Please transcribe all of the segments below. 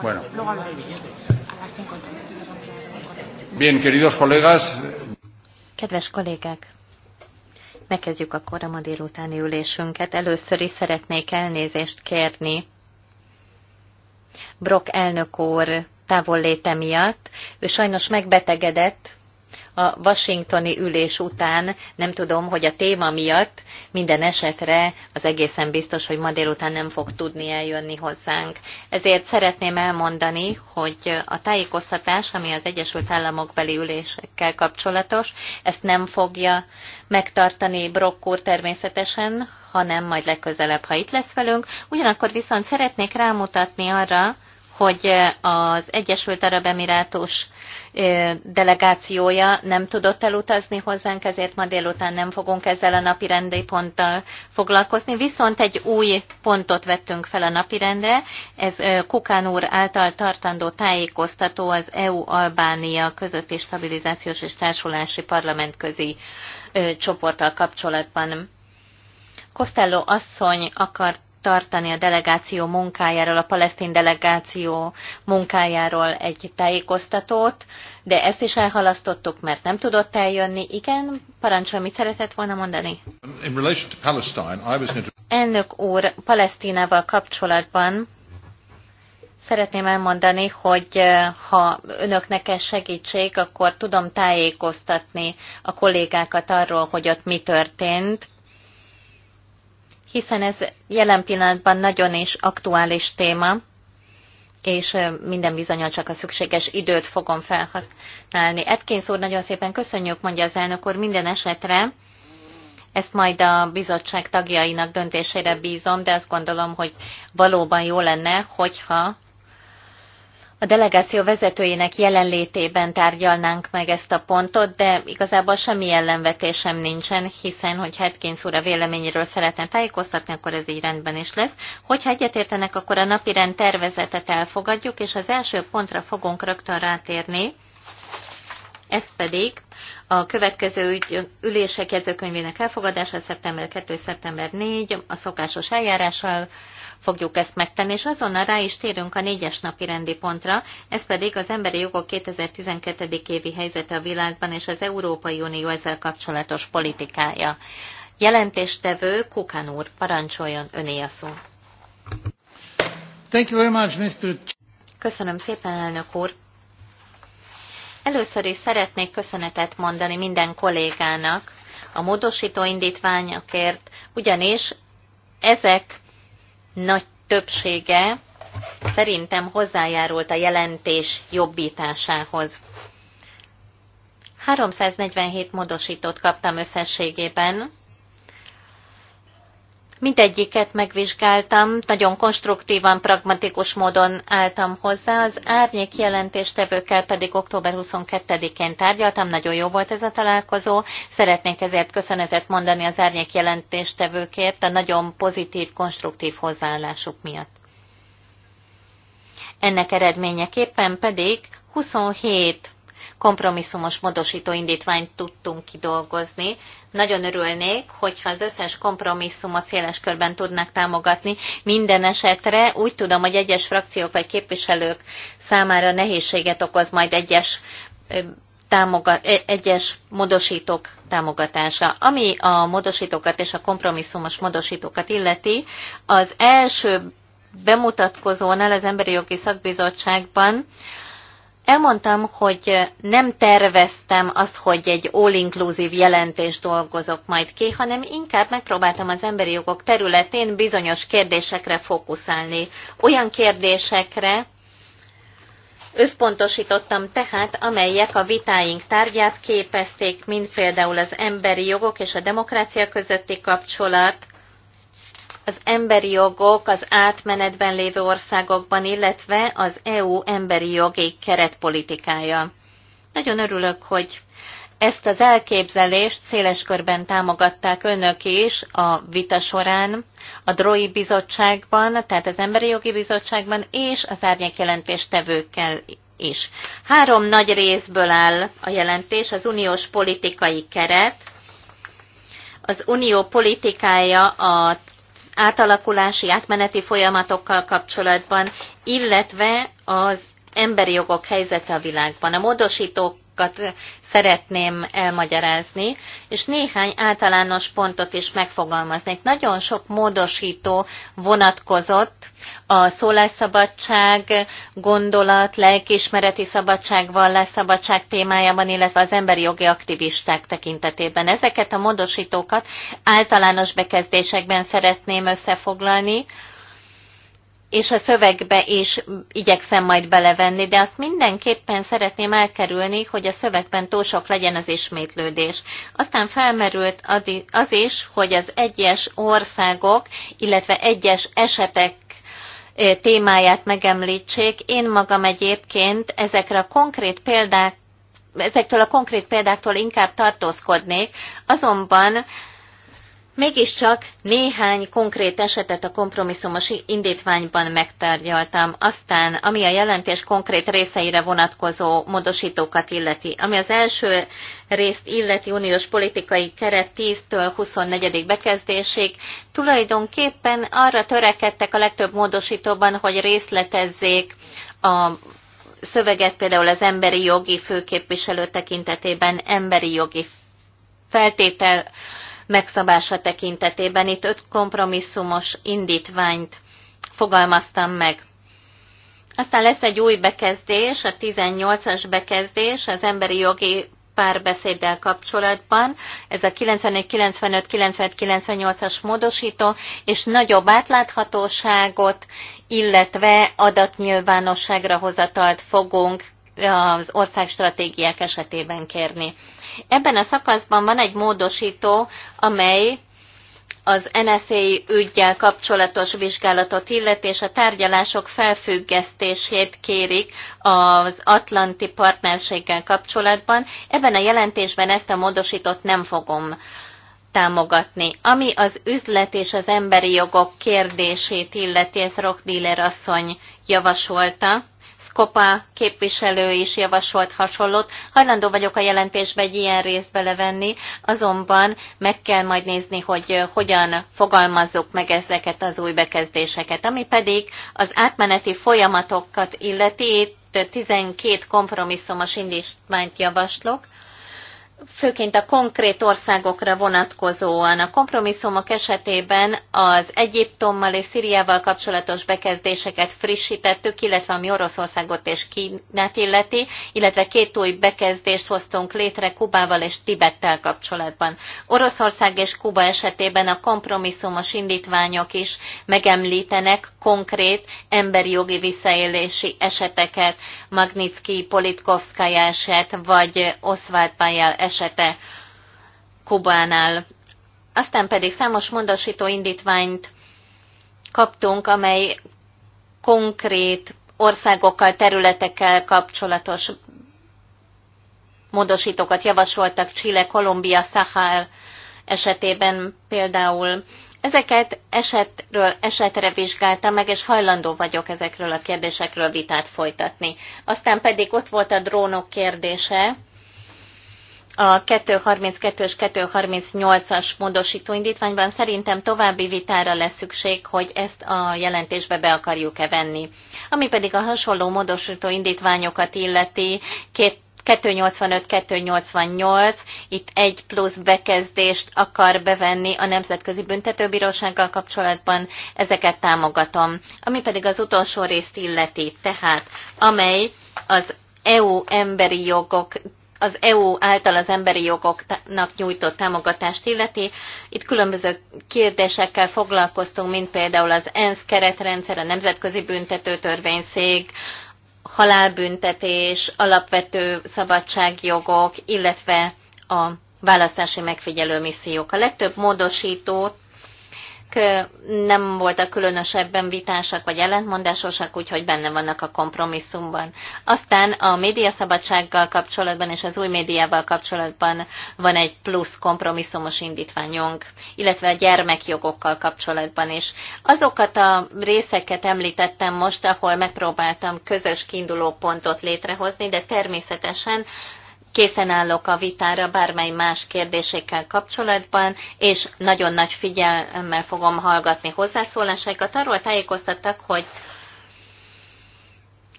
Bueno. Bien, queridos colegas. Kedves kollégák, megkezdjük akkor a ma délutáni ülésünket. Először is szeretnék elnézést kérni Brock elnök úr távolléte miatt. Ő sajnos megbetegedett, a washingtoni ülés után, nem tudom, hogy a téma miatt minden esetre az egészen biztos, hogy ma délután nem fog tudni eljönni hozzánk. Ezért szeretném elmondani, hogy a tájékoztatás, ami az Egyesült Államok beli ülésekkel kapcsolatos, ezt nem fogja megtartani Brock úr természetesen, hanem majd legközelebb, ha itt lesz velünk. Ugyanakkor viszont szeretnék rámutatni arra, hogy eh, az Egyesült Arab Emirátus eh, delegációja nem tudott elutazni hozzánk, ezért ma délután nem fogunk ezzel a napi rendi ponttal foglalkozni. Viszont egy új pontot vettünk fel a rendre, ez eh, Kukán úr által tartandó tájékoztató az EU-Albánia közötti stabilizációs és társulási parlamentközi csoporttal kapcsolatban. Kostello asszony akart tartani a delegáció munkájáról, a palesztin delegáció munkájáról egy tájékoztatót, de ezt is elhalasztottuk, mert nem tudott eljönni. Igen, parancsol, mit szeretett volna mondani? In relation to Palestine, I was Elnök úr, Palesztinával kapcsolatban Szeretném elmondani, hogy eh, ha önöknek ez segítség, akkor tudom tájékoztatni a kollégákat arról, hogy ott mi történt, hiszen ez jelen pillanatban nagyon is aktuális téma, és minden bizonyal csak a szükséges időt fogom felhasználni. Edkénsz úr, nagyon szépen köszönjük, mondja az elnök úr, minden esetre ezt majd a bizottság tagjainak döntésére bízom, de azt gondolom, hogy valóban jó lenne, hogyha a delegáció vezetőjének jelenlétében tárgyalnánk meg ezt a pontot, de igazából semmi ellenvetésem nincsen, hiszen, hogy Hetkins úr a véleményéről szeretne tájékoztatni, akkor ez így rendben is lesz. Hogyha egyetértenek, akkor a napirend tervezetet elfogadjuk, és az első pontra fogunk rögtön rátérni. Ez pedig a következő ügy, ülések jegyzőkönyvének elfogadása szeptember 2. szeptember 4 a szokásos eljárással fogjuk ezt megtenni, és azonnal rá is térünk a négyes napi rendi pontra, ez pedig az emberi jogok 2012. évi helyzete a világban és az Európai Unió ezzel kapcsolatos politikája. Jelentéstevő Kukán úr, parancsoljon öné a szó. Thank you very much, Mr. Köszönöm szépen, elnök úr. Először is szeretnék köszönetet mondani minden kollégának a módosító indítványokért, ugyanis ezek nagy többsége szerintem hozzájárult a jelentés jobbításához. 347 módosítót kaptam összességében, Mindegyiket megvizsgáltam, nagyon konstruktívan, pragmatikus módon álltam hozzá, az árnyék jelentéstevőkkel pedig október 22-én tárgyaltam, nagyon jó volt ez a találkozó. Szeretnék ezért köszönetet mondani az árnyék jelentéstevőkért a nagyon pozitív, konstruktív hozzáállásuk miatt. Ennek eredményeképpen pedig 27 kompromisszumos módosító indítványt tudtunk kidolgozni. Nagyon örülnék, hogyha az összes kompromisszumot széles körben tudnak támogatni. Minden esetre úgy tudom, hogy egyes frakciók vagy képviselők számára nehézséget okoz majd egyes támogat, egyes módosítók támogatása. Ami a módosítókat és a kompromisszumos módosítókat illeti, az első bemutatkozónál az Emberi Jogi Szakbizottságban Elmondtam, hogy nem terveztem azt, hogy egy all-inclusive jelentést dolgozok majd ki, hanem inkább megpróbáltam az emberi jogok területén bizonyos kérdésekre fókuszálni. Olyan kérdésekre összpontosítottam tehát, amelyek a vitáink tárgyát képezték, mint például az emberi jogok és a demokrácia közötti kapcsolat, az emberi jogok az átmenetben lévő országokban, illetve az EU emberi jogi keretpolitikája. Nagyon örülök, hogy ezt az elképzelést széles körben támogatták önök is a vita során, a DROI bizottságban, tehát az Emberi Jogi Bizottságban és az tevőkkel is. Három nagy részből áll a jelentés, az uniós politikai keret, az unió politikája a átalakulási, átmeneti folyamatokkal kapcsolatban, illetve az emberi jogok helyzete a világban. A módosítók dolgokat szeretném elmagyarázni, és néhány általános pontot is megfogalmaznék. Nagyon sok módosító vonatkozott a szólásszabadság, gondolat, lelkiismereti szabadság, vallásszabadság témájában, illetve az emberi jogi aktivisták tekintetében. Ezeket a módosítókat általános bekezdésekben szeretném összefoglalni, és a szövegbe is igyekszem majd belevenni, de azt mindenképpen szeretném elkerülni, hogy a szövegben túl sok legyen az ismétlődés. Aztán felmerült az is, hogy az egyes országok, illetve egyes esetek témáját megemlítsék. Én magam egyébként ezekre a konkrét példák, ezektől a konkrét példáktól inkább tartózkodnék, azonban Mégiscsak néhány konkrét esetet a kompromisszumos indítványban megtárgyaltam, aztán ami a jelentés konkrét részeire vonatkozó módosítókat illeti. Ami az első részt illeti uniós politikai keret 10-től 24. bekezdésig, tulajdonképpen arra törekedtek a legtöbb módosítóban, hogy részletezzék a szöveget például az emberi jogi főképviselő tekintetében emberi jogi feltétel megszabása tekintetében. Itt öt kompromisszumos indítványt fogalmaztam meg. Aztán lesz egy új bekezdés, a 18-as bekezdés az emberi jogi párbeszéddel kapcsolatban. Ez a 94, 95, 95 98-as módosító, és nagyobb átláthatóságot, illetve adatnyilvánosságra hozatalt fogunk az stratégiák esetében kérni. Ebben a szakaszban van egy módosító, amely az NSA ügyjel kapcsolatos vizsgálatot illet, és a tárgyalások felfüggesztését kérik az Atlanti partnerséggel kapcsolatban. Ebben a jelentésben ezt a módosítót nem fogom támogatni. Ami az üzlet és az emberi jogok kérdését illeti, ez Dealer asszony javasolta, Kopa képviselő is javasolt hasonlót. Hajlandó vagyok a jelentésbe egy ilyen részt belevenni, azonban meg kell majd nézni, hogy hogyan fogalmazzuk meg ezeket az új bekezdéseket. Ami pedig az átmeneti folyamatokat illeti, itt 12 kompromisszumos indítványt javaslok, főként a konkrét országokra vonatkozóan. A kompromisszumok esetében az Egyiptommal és Szíriával kapcsolatos bekezdéseket frissítettük, illetve ami Oroszországot és Kínát illeti, illetve két új bekezdést hoztunk létre Kubával és Tibettel kapcsolatban. Oroszország és Kuba esetében a kompromisszumos indítványok is megemlítenek konkrét emberi jogi visszaélési eseteket, Magnitsky, Politkovskaya eset, vagy Oswald Pajel eset esete Kubánál. Aztán pedig számos mondosító indítványt kaptunk, amely konkrét országokkal, területekkel kapcsolatos módosítókat javasoltak Chile, Kolumbia, Szahál esetében például. Ezeket esetről esetre vizsgáltam meg, és hajlandó vagyok ezekről a kérdésekről vitát folytatni. Aztán pedig ott volt a drónok kérdése a 232-es, 238-as módosító indítványban szerintem további vitára lesz szükség, hogy ezt a jelentésbe be akarjuk-e venni. Ami pedig a hasonló módosító indítványokat illeti, két 285-288, itt egy plusz bekezdést akar bevenni a Nemzetközi Büntetőbírósággal kapcsolatban, ezeket támogatom. Ami pedig az utolsó részt illeti, tehát amely az EU emberi jogok az EU által az emberi jogoknak nyújtott támogatást illeti. Itt különböző kérdésekkel foglalkoztunk, mint például az ENSZ keretrendszer, a Nemzetközi Büntetőtörvényszék, halálbüntetés, alapvető szabadságjogok, illetve a választási megfigyelő missziók. A legtöbb módosítót nem voltak különösebben vitásak vagy ellentmondásosak, úgyhogy benne vannak a kompromisszumban. Aztán a médiaszabadsággal kapcsolatban és az új médiával kapcsolatban van egy plusz kompromisszumos indítványunk, illetve a gyermekjogokkal kapcsolatban is. Azokat a részeket említettem most, ahol megpróbáltam közös kiinduló pontot létrehozni, de természetesen készen állok a vitára bármely más kérdésekkel kapcsolatban, és nagyon nagy figyelemmel fogom hallgatni hozzászólásaikat. Arról tájékoztattak, hogy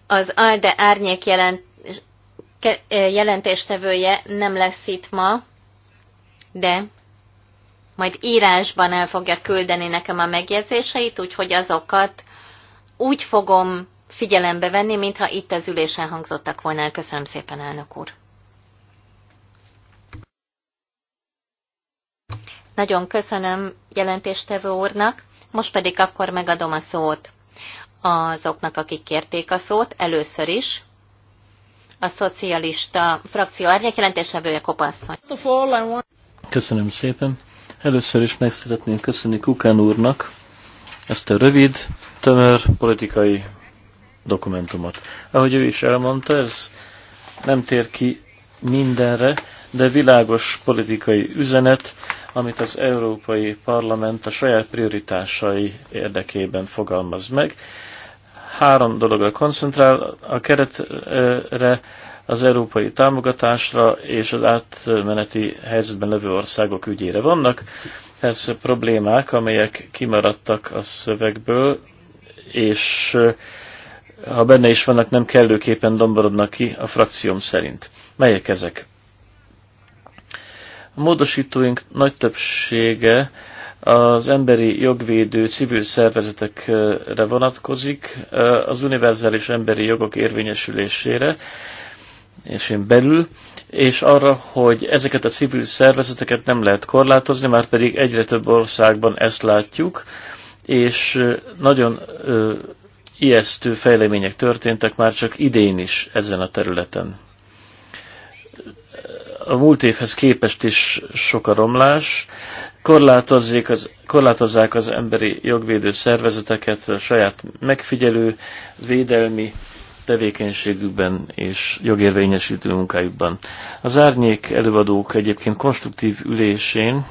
az ALDE árnyék jelent, jelentéstevője nem lesz itt ma, de majd írásban el fogja küldeni nekem a megjegyzéseit, úgyhogy azokat úgy fogom figyelembe venni, mintha itt az ülésen hangzottak volna. Köszönöm szépen, elnök úr! Nagyon köszönöm jelentéstevő úrnak, most pedig akkor megadom a szót azoknak, akik kérték a szót, először is a szocialista frakció jelentéstevője kopasszony. Köszönöm szépen. Először is meg szeretném köszönni Kukán úrnak ezt a rövid, tömör politikai dokumentumot. Ahogy ő is elmondta, ez nem tér ki mindenre, de világos politikai üzenet, amit az Európai Parlament a saját prioritásai érdekében fogalmaz meg. Három dologra koncentrál, a keretre, az európai támogatásra és az átmeneti helyzetben levő országok ügyére. Vannak Ez problémák, amelyek kimaradtak a szövegből, és ha benne is vannak, nem kellőképpen domborodnak ki a frakcióm szerint. Melyek ezek? A módosítóink nagy többsége az emberi jogvédő civil szervezetekre vonatkozik, az univerzális emberi jogok érvényesülésére, és én belül, és arra, hogy ezeket a civil szervezeteket nem lehet korlátozni, már pedig egyre több országban ezt látjuk, és nagyon ijesztő fejlemények történtek már csak idén is ezen a területen a múlt évhez képest is sok a romlás. az, korlátozzák az emberi jogvédő szervezeteket a saját megfigyelő, védelmi tevékenységükben és jogérvényesítő munkájukban. Az árnyék előadók egyébként konstruktív ülésén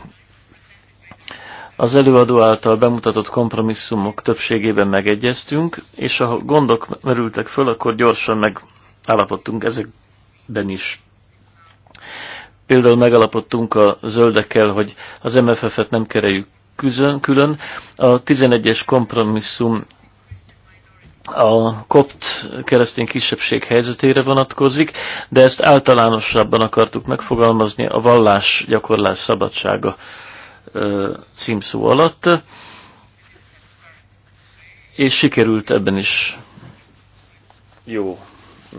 az előadó által bemutatott kompromisszumok többségében megegyeztünk, és ha gondok merültek föl, akkor gyorsan megállapodtunk ezekben is. Például megalapodtunk a zöldekkel, hogy az MFF-et nem kereljük külön, külön. A 11-es kompromisszum a kopt keresztény kisebbség helyzetére vonatkozik, de ezt általánosabban akartuk megfogalmazni a vallás gyakorlás szabadsága címszó alatt, és sikerült ebben is jó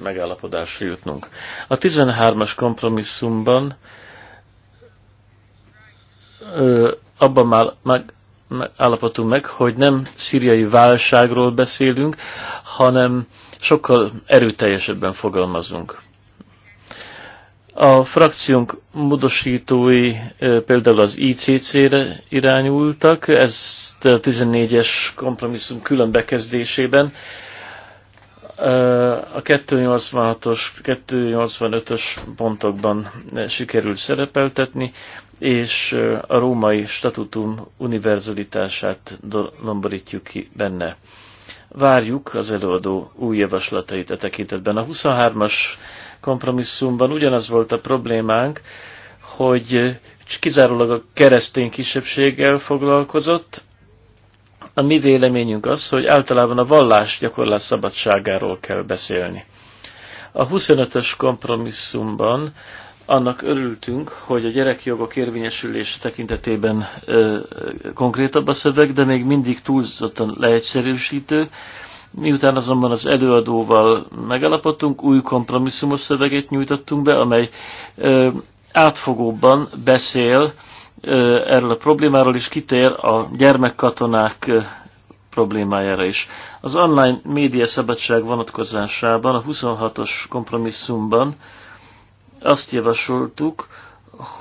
megállapodásra jutnunk. A 13-as kompromisszumban ö, abban már meg, állapotunk meg, hogy nem szíriai válságról beszélünk, hanem sokkal erőteljesebben fogalmazunk. A frakciónk módosítói például az ICC-re irányultak, ezt a 14-es kompromisszum külön bekezdésében a 286-os, 285-ös pontokban sikerült szerepeltetni, és a római statutum univerzalitását lomborítjuk ki benne. Várjuk az előadó új javaslatait a e tekintetben. A 23-as kompromisszumban ugyanaz volt a problémánk, hogy kizárólag a keresztény kisebbséggel foglalkozott, a mi véleményünk az, hogy általában a vallás gyakorlás szabadságáról kell beszélni. A 25-ös kompromisszumban annak örültünk, hogy a gyerekjogok érvényesülése tekintetében ö, konkrétabb a szöveg, de még mindig túlzottan leegyszerűsítő. Miután azonban az előadóval megalapodtunk, új kompromisszumos szöveget nyújtottunk be, amely ö, átfogóbban beszél erről a problémáról, és kitér a gyermekkatonák problémájára is. Az online média szabadság vonatkozásában, a 26-os kompromisszumban azt javasoltuk,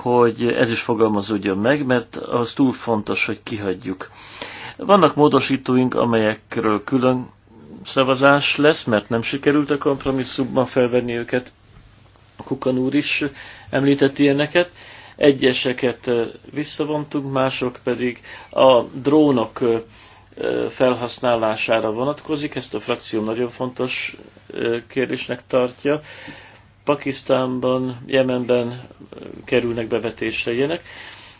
hogy ez is fogalmazódjon meg, mert az túl fontos, hogy kihagyjuk. Vannak módosítóink, amelyekről külön szavazás lesz, mert nem sikerült a kompromisszumban felvenni őket. Kukan úr is említett ilyeneket egyeseket visszavontunk, mások pedig a drónok felhasználására vonatkozik, ezt a frakció nagyon fontos kérdésnek tartja. Pakisztánban, Jemenben kerülnek bevetésre ilyenek.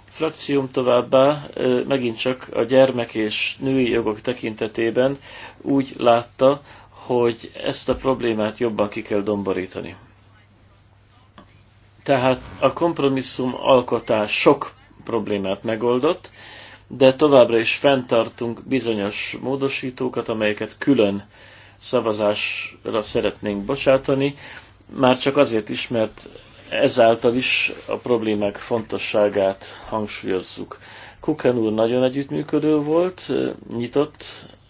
Frakcióm továbbá megint csak a gyermek és női jogok tekintetében úgy látta, hogy ezt a problémát jobban ki kell domborítani. Tehát a kompromisszum alkotás sok problémát megoldott, de továbbra is fenntartunk bizonyos módosítókat, amelyeket külön szavazásra szeretnénk bocsátani, már csak azért is, mert ezáltal is a problémák fontosságát hangsúlyozzuk. Kukan úr nagyon együttműködő volt, nyitott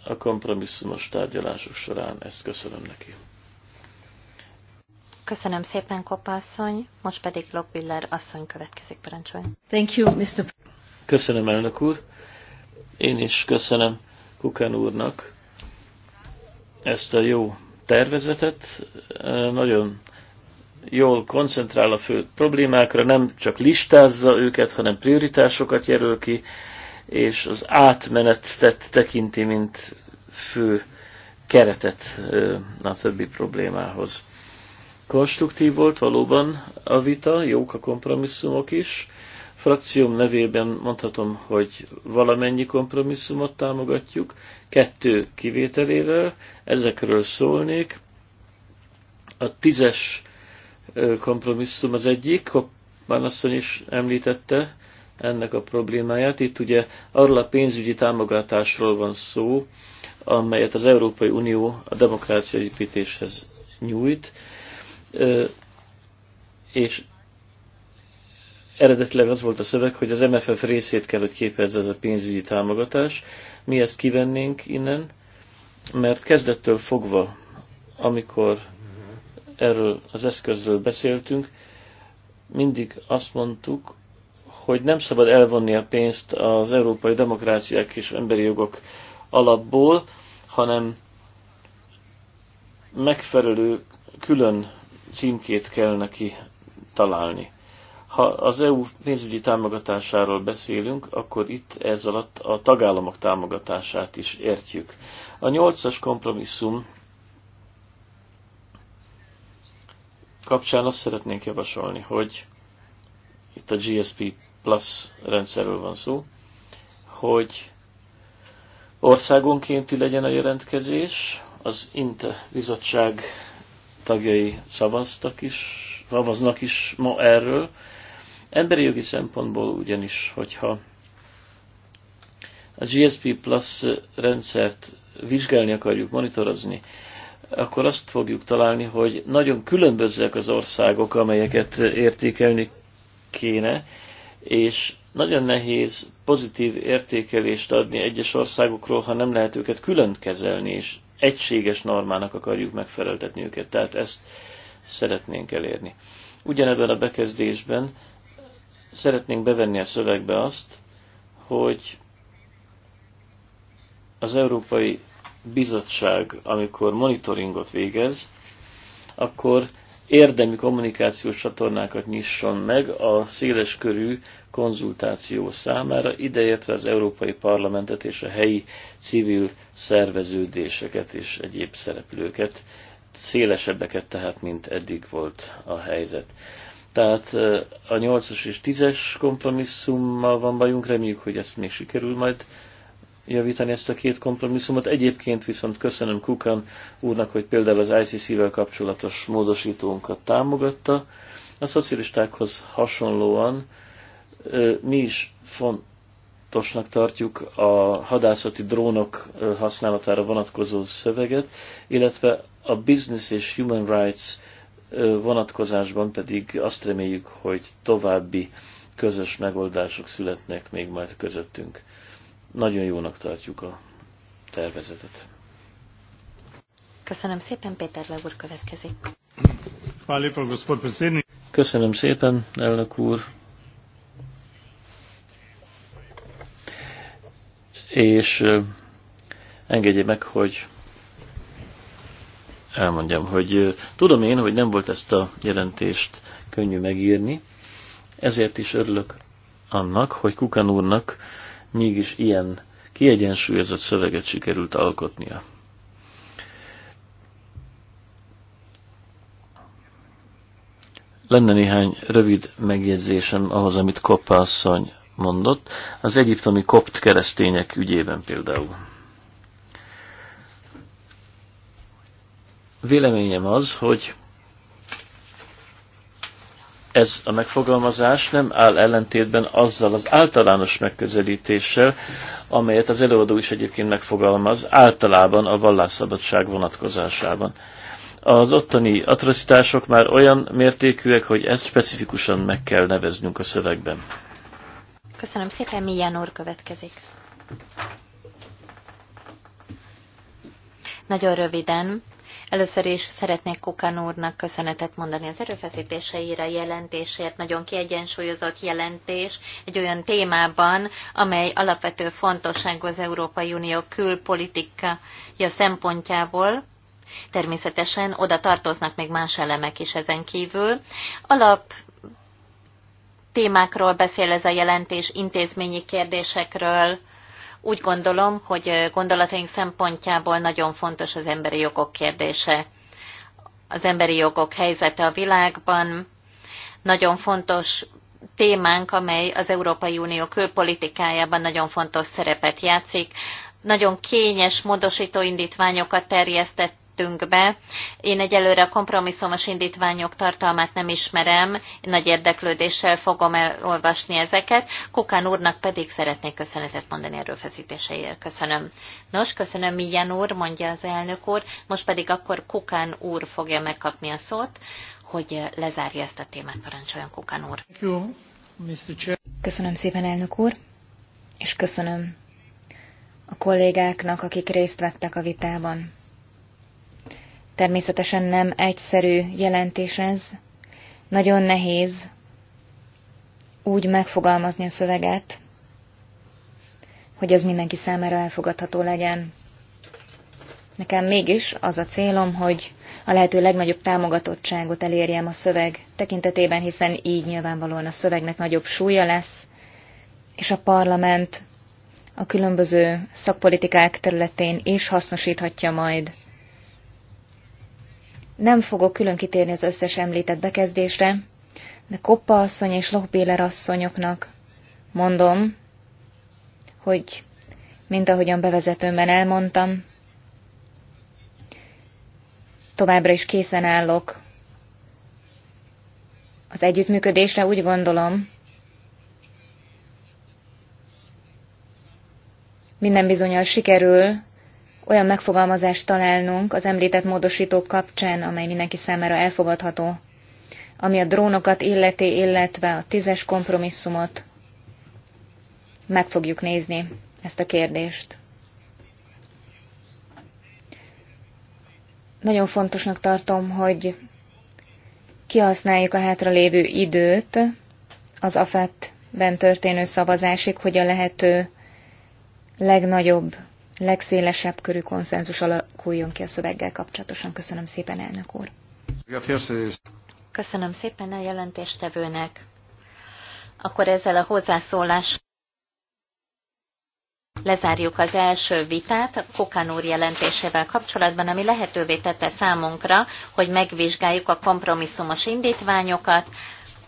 a kompromisszumos tárgyalások során, ezt köszönöm neki. Köszönöm szépen, Kopa asszony. Most pedig Lockbiller asszony következik, parancsoljon. Thank you, Mr. Köszönöm, elnök úr. Én is köszönöm Kukán úrnak ezt a jó tervezetet. Nagyon jól koncentrál a fő problémákra, nem csak listázza őket, hanem prioritásokat jelöl ki, és az átmenetet tekinti, mint fő keretet a többi problémához konstruktív volt valóban a vita, jók a kompromisszumok is. Frakcióm nevében mondhatom, hogy valamennyi kompromisszumot támogatjuk, kettő kivételével, ezekről szólnék. A tízes kompromisszum az egyik, Hoppán asszony is említette ennek a problémáját. Itt ugye arról a pénzügyi támogatásról van szó, amelyet az Európai Unió a demokrácia építéshez nyújt és eredetileg az volt a szöveg, hogy az MFF részét kell, hogy képezze ez a pénzügyi támogatás. Mi ezt kivennénk innen, mert kezdettől fogva, amikor erről az eszközről beszéltünk, mindig azt mondtuk, hogy nem szabad elvonni a pénzt az európai demokráciák és emberi jogok alapból, hanem megfelelő külön címkét kell neki találni. Ha az EU pénzügyi támogatásáról beszélünk, akkor itt ez alatt a tagállamok támogatását is értjük. A nyolcas kompromisszum kapcsán azt szeretnénk javasolni, hogy itt a GSP Plus rendszerről van szó, hogy országonkénti legyen a jelentkezés, az INTE bizottság tagjai szavaztak is, szavaznak is ma erről. Emberi jogi szempontból ugyanis, hogyha a GSP Plus rendszert vizsgálni akarjuk, monitorozni, akkor azt fogjuk találni, hogy nagyon különbözőek az országok, amelyeket értékelni kéne, és nagyon nehéz pozitív értékelést adni egyes országokról, ha nem lehet őket külön kezelni és egységes normának akarjuk megfeleltetni őket, tehát ezt szeretnénk elérni. Ugyanebben a bekezdésben szeretnénk bevenni a szövegbe azt, hogy az Európai Bizottság, amikor monitoringot végez, akkor érdemi kommunikációs csatornákat nyisson meg a széleskörű konzultáció számára, ideértve az Európai Parlamentet és a helyi civil szerveződéseket és egyéb szereplőket, szélesebbeket tehát, mint eddig volt a helyzet. Tehát a 8-as és 10-es kompromisszummal van bajunk, reméljük, hogy ezt még sikerül majd javítani ezt a két kompromisszumot. Egyébként viszont köszönöm Kukan úrnak, hogy például az ICC-vel kapcsolatos módosítónkat támogatta. A szocialistákhoz hasonlóan mi is fontosnak tartjuk a hadászati drónok használatára vonatkozó szöveget, illetve a business és human rights vonatkozásban pedig azt reméljük, hogy további közös megoldások születnek még majd közöttünk. Nagyon jónak tartjuk a tervezetet. Köszönöm szépen, Péter Le úr következik. Köszönöm szépen, elnök úr. És engedje meg, hogy elmondjam, hogy tudom én, hogy nem volt ezt a jelentést könnyű megírni, ezért is örülök annak, hogy Kukan úrnak mégis ilyen kiegyensúlyozott szöveget sikerült alkotnia. Lenne néhány rövid megjegyzésem ahhoz, amit asszony mondott, az egyiptomi kopt keresztények ügyében például. Véleményem az, hogy ez a megfogalmazás nem áll ellentétben azzal az általános megközelítéssel, amelyet az előadó is egyébként megfogalmaz, általában a vallásszabadság vonatkozásában. Az ottani atrocitások már olyan mértékűek, hogy ezt specifikusan meg kell neveznünk a szövegben. Köszönöm szépen, Milyen úr következik. Nagyon röviden, Először is szeretnék Kukan úrnak köszönetet mondani az erőfeszítéseire, jelentésért, nagyon kiegyensúlyozott jelentés egy olyan témában, amely alapvető fontosságú az Európai Unió külpolitikája szempontjából. Természetesen oda tartoznak még más elemek is ezen kívül. Alap témákról beszél ez a jelentés, intézményi kérdésekről, úgy gondolom, hogy gondolataink szempontjából nagyon fontos az emberi jogok kérdése. Az emberi jogok helyzete a világban nagyon fontos témánk, amely az Európai Unió külpolitikájában nagyon fontos szerepet játszik. Nagyon kényes módosító indítványokat terjesztett vezettünk be. Én egyelőre a kompromisszumos indítványok tartalmát nem ismerem, nagy érdeklődéssel fogom elolvasni ezeket. Kukán úrnak pedig szeretnék köszönetet mondani erőfeszítéseért. Köszönöm. Nos, köszönöm Milyen úr, mondja az elnök úr, most pedig akkor Kukán úr fogja megkapni a szót, hogy lezárja ezt a témát, parancsoljon Kukán úr. Köszönöm szépen, elnök úr, és köszönöm a kollégáknak, akik részt vettek a vitában. Természetesen nem egyszerű jelentés ez. Nagyon nehéz úgy megfogalmazni a szöveget, hogy ez mindenki számára elfogadható legyen. Nekem mégis az a célom, hogy a lehető legnagyobb támogatottságot elérjem a szöveg tekintetében, hiszen így nyilvánvalóan a szövegnek nagyobb súlya lesz, és a parlament a különböző szakpolitikák területén is hasznosíthatja majd nem fogok külön kitérni az összes említett bekezdésre, de Koppa asszony és Lohbéler asszonyoknak mondom, hogy mint ahogyan bevezetőmben elmondtam, továbbra is készen állok az együttműködésre, úgy gondolom, minden bizonyal sikerül olyan megfogalmazást találnunk az említett módosítók kapcsán, amely mindenki számára elfogadható, ami a drónokat illeti, illetve a tízes kompromisszumot. Meg fogjuk nézni ezt a kérdést. Nagyon fontosnak tartom, hogy kihasználjuk a hátralévő időt az AFET-ben történő szavazásig, hogy a lehető legnagyobb legszélesebb körű konszenzus alakuljon ki a szöveggel kapcsolatosan. Köszönöm szépen, elnök úr! Eh. Köszönöm szépen a jelentéstevőnek. Akkor ezzel a hozzászólás lezárjuk az első vitát a Kokán úr jelentésével kapcsolatban, ami lehetővé tette számunkra, hogy megvizsgáljuk a kompromisszumos indítványokat,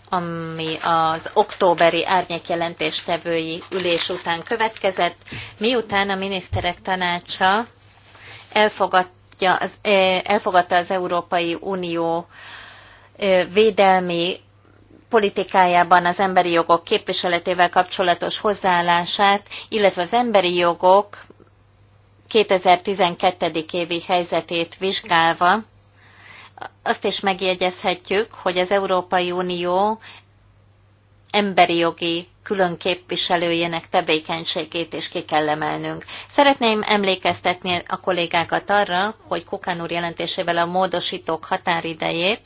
ami az októberi árnyékjelentéstevői ülés után következett, miután a miniszterek tanácsa elfogadja, eh, elfogadta az Európai Unió eh, védelmi politikájában az emberi jogok képviseletével kapcsolatos hozzáállását, illetve az emberi jogok 2012. évi helyzetét vizsgálva, azt is megjegyezhetjük, hogy az Európai Unió emberi jogi külön képviselőjének tevékenységét is ki kell emelnünk. Szeretném emlékeztetni a kollégákat arra, hogy Kukán úr jelentésével a módosítók határidejét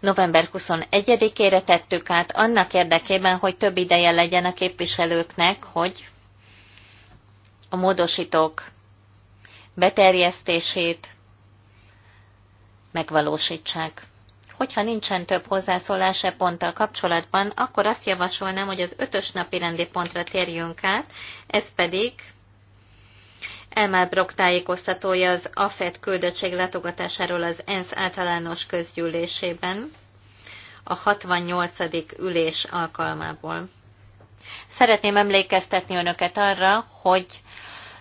november 21-ére tettük át, annak érdekében, hogy több ideje legyen a képviselőknek, hogy a módosítók beterjesztését megvalósítsák. Hogyha nincsen több hozzászólás e ponttal kapcsolatban, akkor azt javasolnám, hogy az ötös napi rendi pontra térjünk át, ez pedig Elmar Brock tájékoztatója az AFED küldöttség látogatásáról az ENSZ általános közgyűlésében a 68. ülés alkalmából. Szeretném emlékeztetni önöket arra, hogy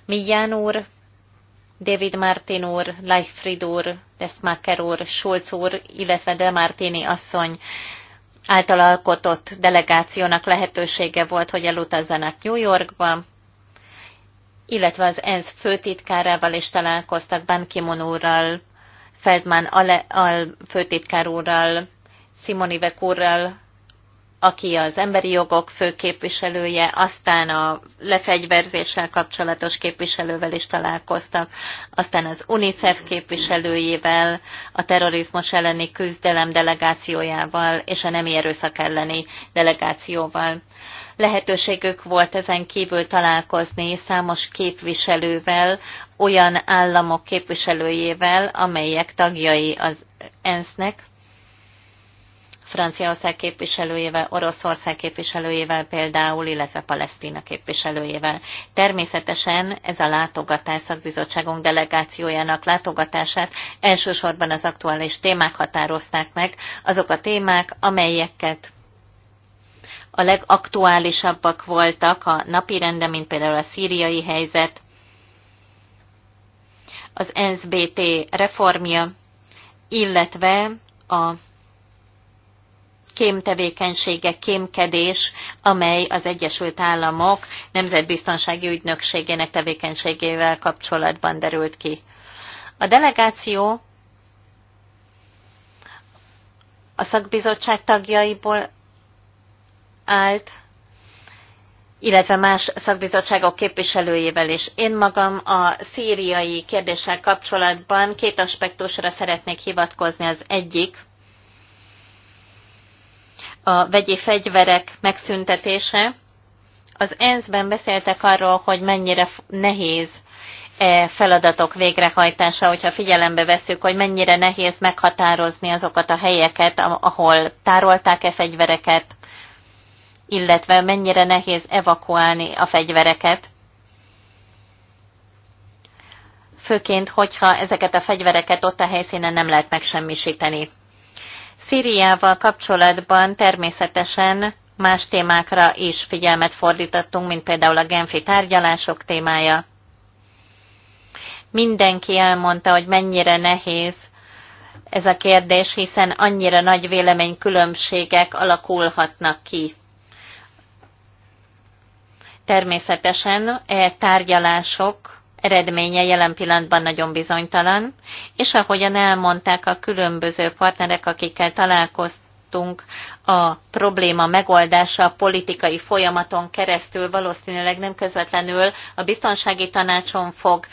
mi január David Martin úr, Leichfried úr, Desmaker úr, Schulz úr, illetve De Martini asszony által alkotott delegációnak lehetősége volt, hogy elutazzanak New Yorkba, illetve az ENSZ főtitkárával is találkoztak, Ban Ki-moon úrral, Feldman al, al főtitkár úrral, Simon Ivek úrral, aki az emberi jogok fő képviselője, aztán a lefegyverzéssel kapcsolatos képviselővel is találkoztak, aztán az UNICEF képviselőjével, a terrorizmus elleni küzdelem delegációjával és a nemi erőszak elleni delegációval. Lehetőségük volt ezen kívül találkozni számos képviselővel, olyan államok képviselőjével, amelyek tagjai az ENSZ-nek, Franciaország képviselőjével, Oroszország képviselőjével például, illetve Palesztina képviselőjével. Természetesen ez a látogatás szakbizottságunk delegációjának látogatását elsősorban az aktuális témák határozták meg, azok a témák, amelyeket a legaktuálisabbak voltak a napi rende, mint például a szíriai helyzet, az NSBT reformja, illetve a kémtevékenysége, kémkedés, amely az Egyesült Államok Nemzetbiztonsági Ügynökségének tevékenységével kapcsolatban derült ki. A delegáció a szakbizottság tagjaiból állt, illetve más szakbizottságok képviselőjével is. Én magam a szíriai kérdéssel kapcsolatban két aspektusra szeretnék hivatkozni. Az egyik, a vegyi fegyverek megszüntetése. Az ENSZ-ben beszéltek arról, hogy mennyire nehéz e feladatok végrehajtása, hogyha figyelembe veszük, hogy mennyire nehéz meghatározni azokat a helyeket, ahol tárolták-e fegyvereket, illetve mennyire nehéz evakuálni a fegyvereket. Főként, hogyha ezeket a fegyvereket ott a helyszínen nem lehet megsemmisíteni. Szíriával kapcsolatban természetesen más témákra is figyelmet fordítottunk, mint például a Genfi tárgyalások témája. Mindenki elmondta, hogy mennyire nehéz ez a kérdés, hiszen annyira nagy véleménykülönbségek alakulhatnak ki. Természetesen e tárgyalások eredménye jelen pillanatban nagyon bizonytalan, és ahogyan elmondták a különböző partnerek, akikkel találkoztunk, a probléma megoldása a politikai folyamaton keresztül valószínűleg nem közvetlenül a biztonsági tanácson fog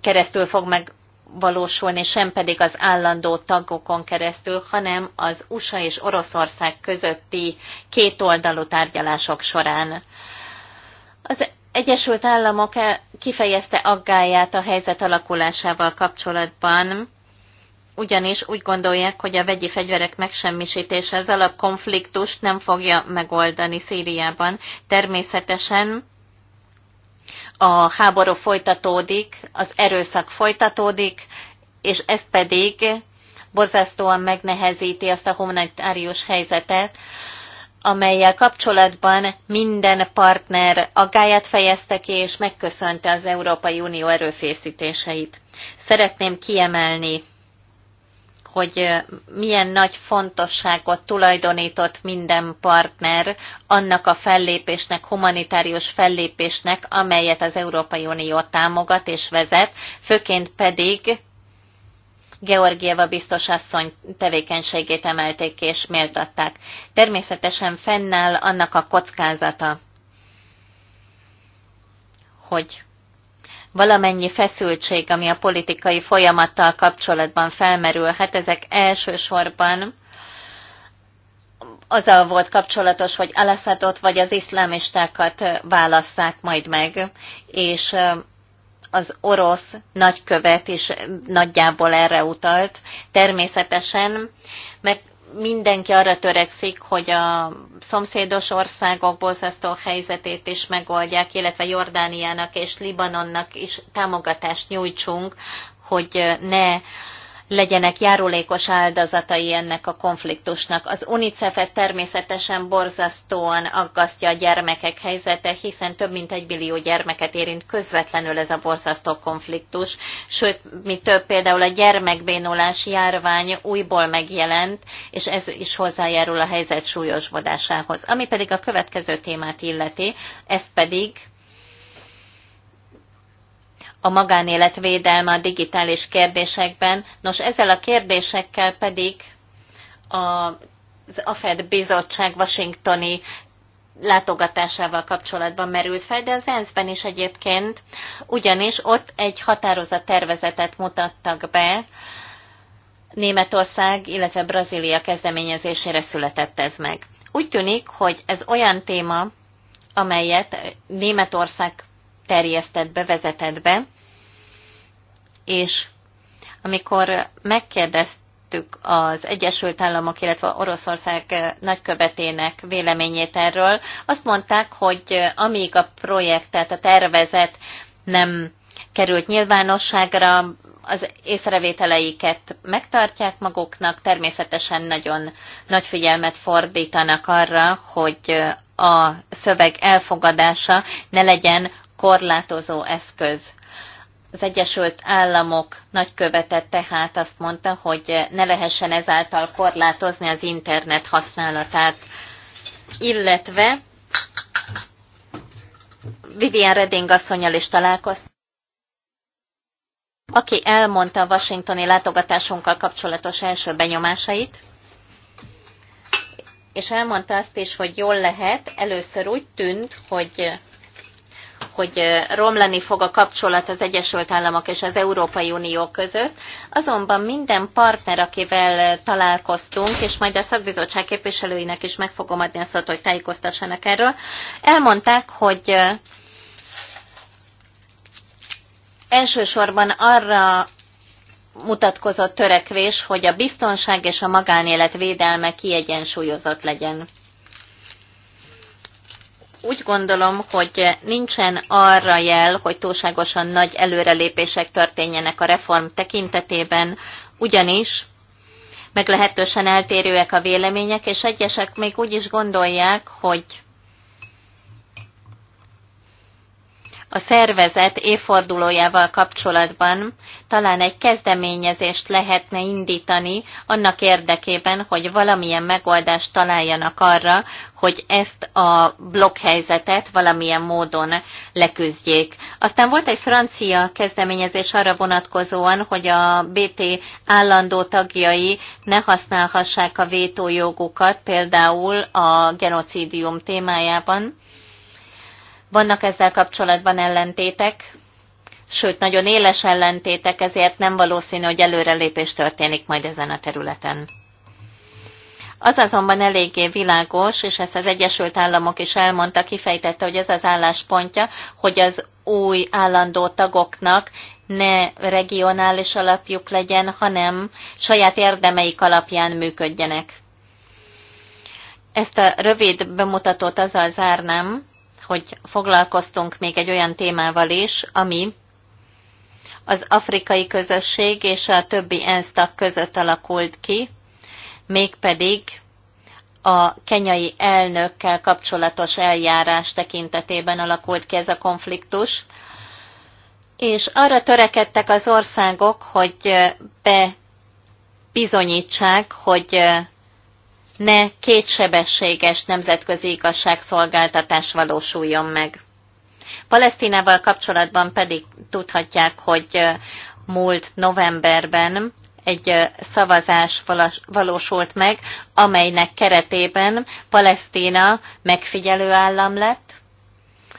keresztül fog meg valósulni, sem pedig az állandó tagokon keresztül, hanem az USA és Oroszország közötti kétoldalú tárgyalások során. Az Egyesült Államok kifejezte aggáját a helyzet alakulásával kapcsolatban, ugyanis úgy gondolják, hogy a vegyi fegyverek megsemmisítése az alapkonfliktust nem fogja megoldani Szíriában. Természetesen a háború folytatódik, az erőszak folytatódik, és ez pedig borzasztóan megnehezíti azt a humanitárius helyzetet, amelyel kapcsolatban minden partner aggáját fejezte ki, és megköszönte az Európai Unió erőfészítéseit. Szeretném kiemelni, hogy milyen nagy fontosságot tulajdonított minden partner annak a fellépésnek, humanitárius fellépésnek, amelyet az Európai Unió támogat és vezet, főként pedig Georgieva biztos asszony tevékenységét emelték és méltatták. Természetesen fennáll annak a kockázata, hogy valamennyi feszültség, ami a politikai folyamattal kapcsolatban felmerülhet, ezek elsősorban azzal volt kapcsolatos, hogy Alassadot vagy az iszlámistákat válasszák majd meg, és az orosz nagykövet is nagyjából erre utalt. Természetesen, mert mindenki arra törekszik, hogy a szomszédos országok borzasztó helyzetét is megoldják, illetve Jordániának és Libanonnak is támogatást nyújtsunk, hogy ne legyenek járulékos áldozatai ennek a konfliktusnak. Az UNICEF-et természetesen borzasztóan aggasztja a gyermekek helyzete, hiszen több mint egy millió gyermeket érint közvetlenül ez a borzasztó konfliktus, sőt, mi több például a gyermekbénulás járvány újból megjelent, és ez is hozzájárul a helyzet súlyosbodásához. Ami pedig a következő témát illeti, ez pedig a magánélet védelme a digitális kérdésekben. Nos, ezzel a kérdésekkel pedig a, az AFED bizottság washingtoni látogatásával kapcsolatban merült fel, de az ENSZ-ben is egyébként, ugyanis ott egy határozat tervezetet mutattak be, Németország, illetve Brazília kezdeményezésére született ez meg. Úgy tűnik, hogy ez olyan téma, amelyet Németország terjesztett be, vezetett be, és amikor megkérdeztük az Egyesült Államok, illetve Oroszország nagykövetének véleményét erről, azt mondták, hogy amíg a projekt, tehát a tervezet nem került nyilvánosságra, az észrevételeiket megtartják maguknak, természetesen nagyon nagy figyelmet fordítanak arra, hogy a szöveg elfogadása ne legyen korlátozó eszköz az Egyesült Államok nagykövete tehát azt mondta, hogy ne lehessen ezáltal korlátozni az internet használatát, illetve Vivian Redding asszonyal is találkoztam, aki elmondta a washingtoni látogatásunkkal kapcsolatos első benyomásait, és elmondta azt is, hogy jól lehet, először úgy tűnt, hogy hogy romlani fog a kapcsolat az Egyesült Államok és az Európai Unió között. Azonban minden partner, akivel találkoztunk, és majd a szakbizottság képviselőinek is meg fogom adni a szót, hogy tájékoztassanak erről, elmondták, hogy elsősorban arra mutatkozott törekvés, hogy a biztonság és a magánélet védelme kiegyensúlyozott legyen úgy gondolom, hogy nincsen arra jel, hogy túlságosan nagy előrelépések történjenek a reform tekintetében, ugyanis meglehetősen eltérőek a vélemények, és egyesek még úgy is gondolják, hogy a szervezet évfordulójával kapcsolatban talán egy kezdeményezést lehetne indítani annak érdekében, hogy valamilyen megoldást találjanak arra, hogy ezt a blokkhelyzetet valamilyen módon leküzdjék. Aztán volt egy francia kezdeményezés arra vonatkozóan, hogy a BT állandó tagjai ne használhassák a vétójogukat, például a genocidium témájában. Vannak ezzel kapcsolatban ellentétek, sőt nagyon éles ellentétek, ezért nem valószínű, hogy előrelépés történik majd ezen a területen. Az azonban eléggé világos, és ezt az Egyesült Államok is elmondta, kifejtette, hogy ez az álláspontja, hogy az új állandó tagoknak ne regionális alapjuk legyen, hanem saját érdemeik alapján működjenek. Ezt a rövid bemutatót azzal zárnám, hogy foglalkoztunk még egy olyan témával is, ami az afrikai közösség és a többi ENSZ tag között alakult ki, mégpedig a kenyai elnökkel kapcsolatos eljárás tekintetében alakult ki ez a konfliktus, és arra törekedtek az országok, hogy bebizonyítsák, hogy ne kétsebességes nemzetközi igazságszolgáltatás valósuljon meg. Palesztinával kapcsolatban pedig tudhatják, hogy múlt novemberben egy szavazás valósult meg, amelynek keretében Palesztina megfigyelő állam lett,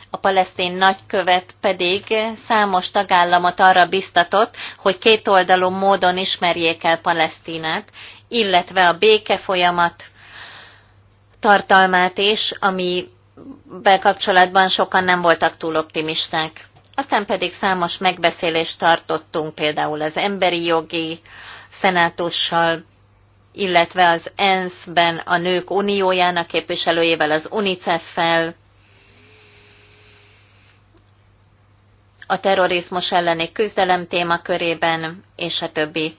a palesztin nagykövet pedig számos tagállamot arra biztatott, hogy kétoldalú módon ismerjék el Palesztinát, illetve a béke folyamat tartalmát is, ami bekapcsolatban sokan nem voltak túl optimisták. Aztán pedig számos megbeszélést tartottunk például az emberi jogi szenátussal, illetve az ENSZ-ben a Nők Uniójának képviselőjével, az UNICEF-fel, a terrorizmus elleni küzdelem témakörében, és a többi.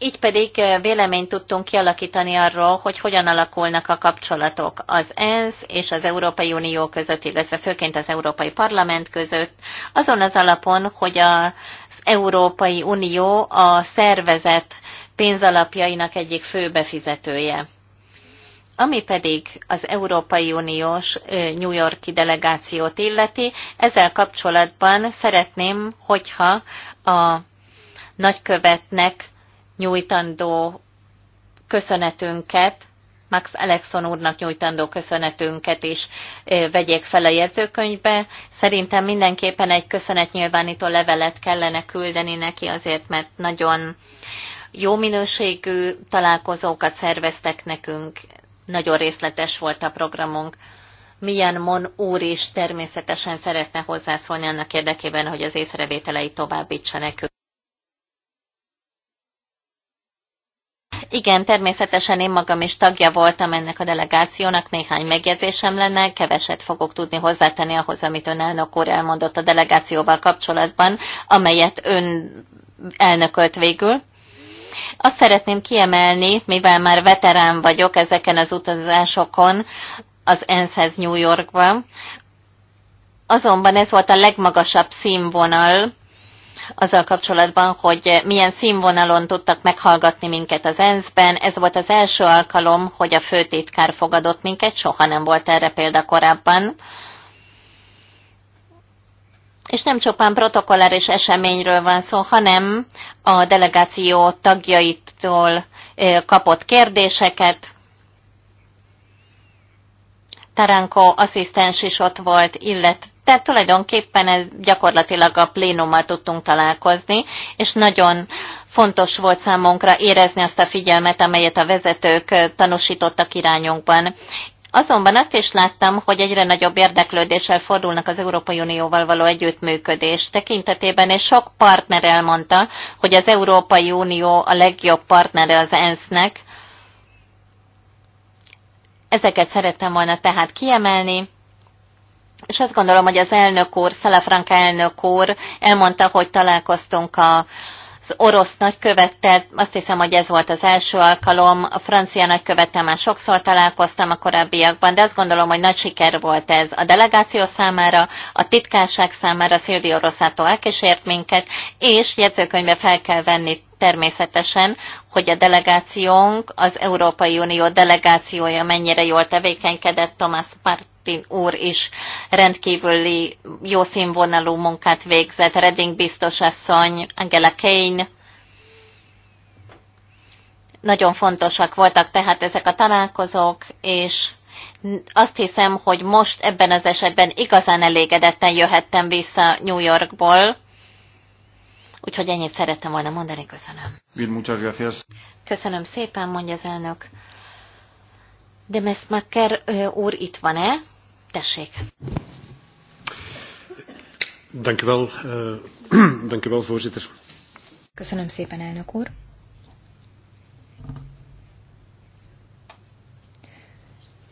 Így pedig véleményt tudtunk kialakítani arról, hogy hogyan alakulnak a kapcsolatok az ENSZ és az Európai Unió között, illetve főként az Európai Parlament között, azon az alapon, hogy az Európai Unió a szervezet pénzalapjainak egyik fő befizetője. Ami pedig az Európai Uniós New Yorki delegációt illeti, ezzel kapcsolatban szeretném, hogyha a nagykövetnek nyújtandó köszönetünket, Max Alexon úrnak nyújtandó köszönetünket is vegyék fel a jegyzőkönyvbe. Szerintem mindenképpen egy köszönetnyilvánító levelet kellene küldeni neki azért, mert nagyon jó minőségű találkozókat szerveztek nekünk, nagyon részletes volt a programunk. Milyen Mon úr is természetesen szeretne hozzászólni annak érdekében, hogy az észrevételei továbbítsa nekünk. Igen, természetesen én magam is tagja voltam ennek a delegációnak, néhány megjegyzésem lenne, keveset fogok tudni hozzátenni ahhoz, amit ön elnök úr elmondott a delegációval kapcsolatban, amelyet ön elnökölt végül. Azt szeretném kiemelni, mivel már veterán vagyok ezeken az utazásokon, az ENSZ-hez New Yorkban, azonban ez volt a legmagasabb színvonal, azzal kapcsolatban, hogy milyen színvonalon tudtak meghallgatni minket az ENSZ-ben. Ez volt az első alkalom, hogy a főtitkár fogadott minket, soha nem volt erre példa korábban. És nem csupán protokolláris eseményről van szó, hanem a delegáció tagjaitól kapott kérdéseket. Taranko asszisztens is ott volt, illetve tehát tulajdonképpen ez gyakorlatilag a plénummal tudtunk találkozni, és nagyon fontos volt számunkra érezni azt a figyelmet, amelyet a vezetők tanúsítottak irányunkban. Azonban azt is láttam, hogy egyre nagyobb érdeklődéssel fordulnak az Európai Unióval való együttműködés tekintetében, és sok partner elmondta, hogy az Európai Unió a legjobb partnere az ENSZ-nek. Ezeket szerettem volna tehát kiemelni és azt gondolom, hogy az elnök úr, Szalafrank elnök úr elmondta, hogy találkoztunk a az orosz nagykövettel, azt hiszem, hogy ez volt az első alkalom, a francia nagykövettel már sokszor találkoztam a korábbiakban, de azt gondolom, hogy nagy siker volt ez a delegáció számára, a titkárság számára, Szilvio Oroszától elkísért minket, és jegyzőkönyvbe fel kell venni természetesen, hogy a delegációnk, az Európai Unió delegációja mennyire jól tevékenykedett, Thomas Part Martin úr is rendkívüli jó színvonalú munkát végzett, Redding biztosasszony, Angela Kane, nagyon fontosak voltak tehát ezek a találkozók, és azt hiszem, hogy most ebben az esetben igazán elégedetten jöhettem vissza New Yorkból, úgyhogy ennyit szerettem volna mondani, köszönöm. Köszönöm szépen, mondja az elnök. De Messmaker úr itt van-e? Tessék! Dank u wel, uh, dank u wel, voorzitter. Köszönöm szépen, elnök úr.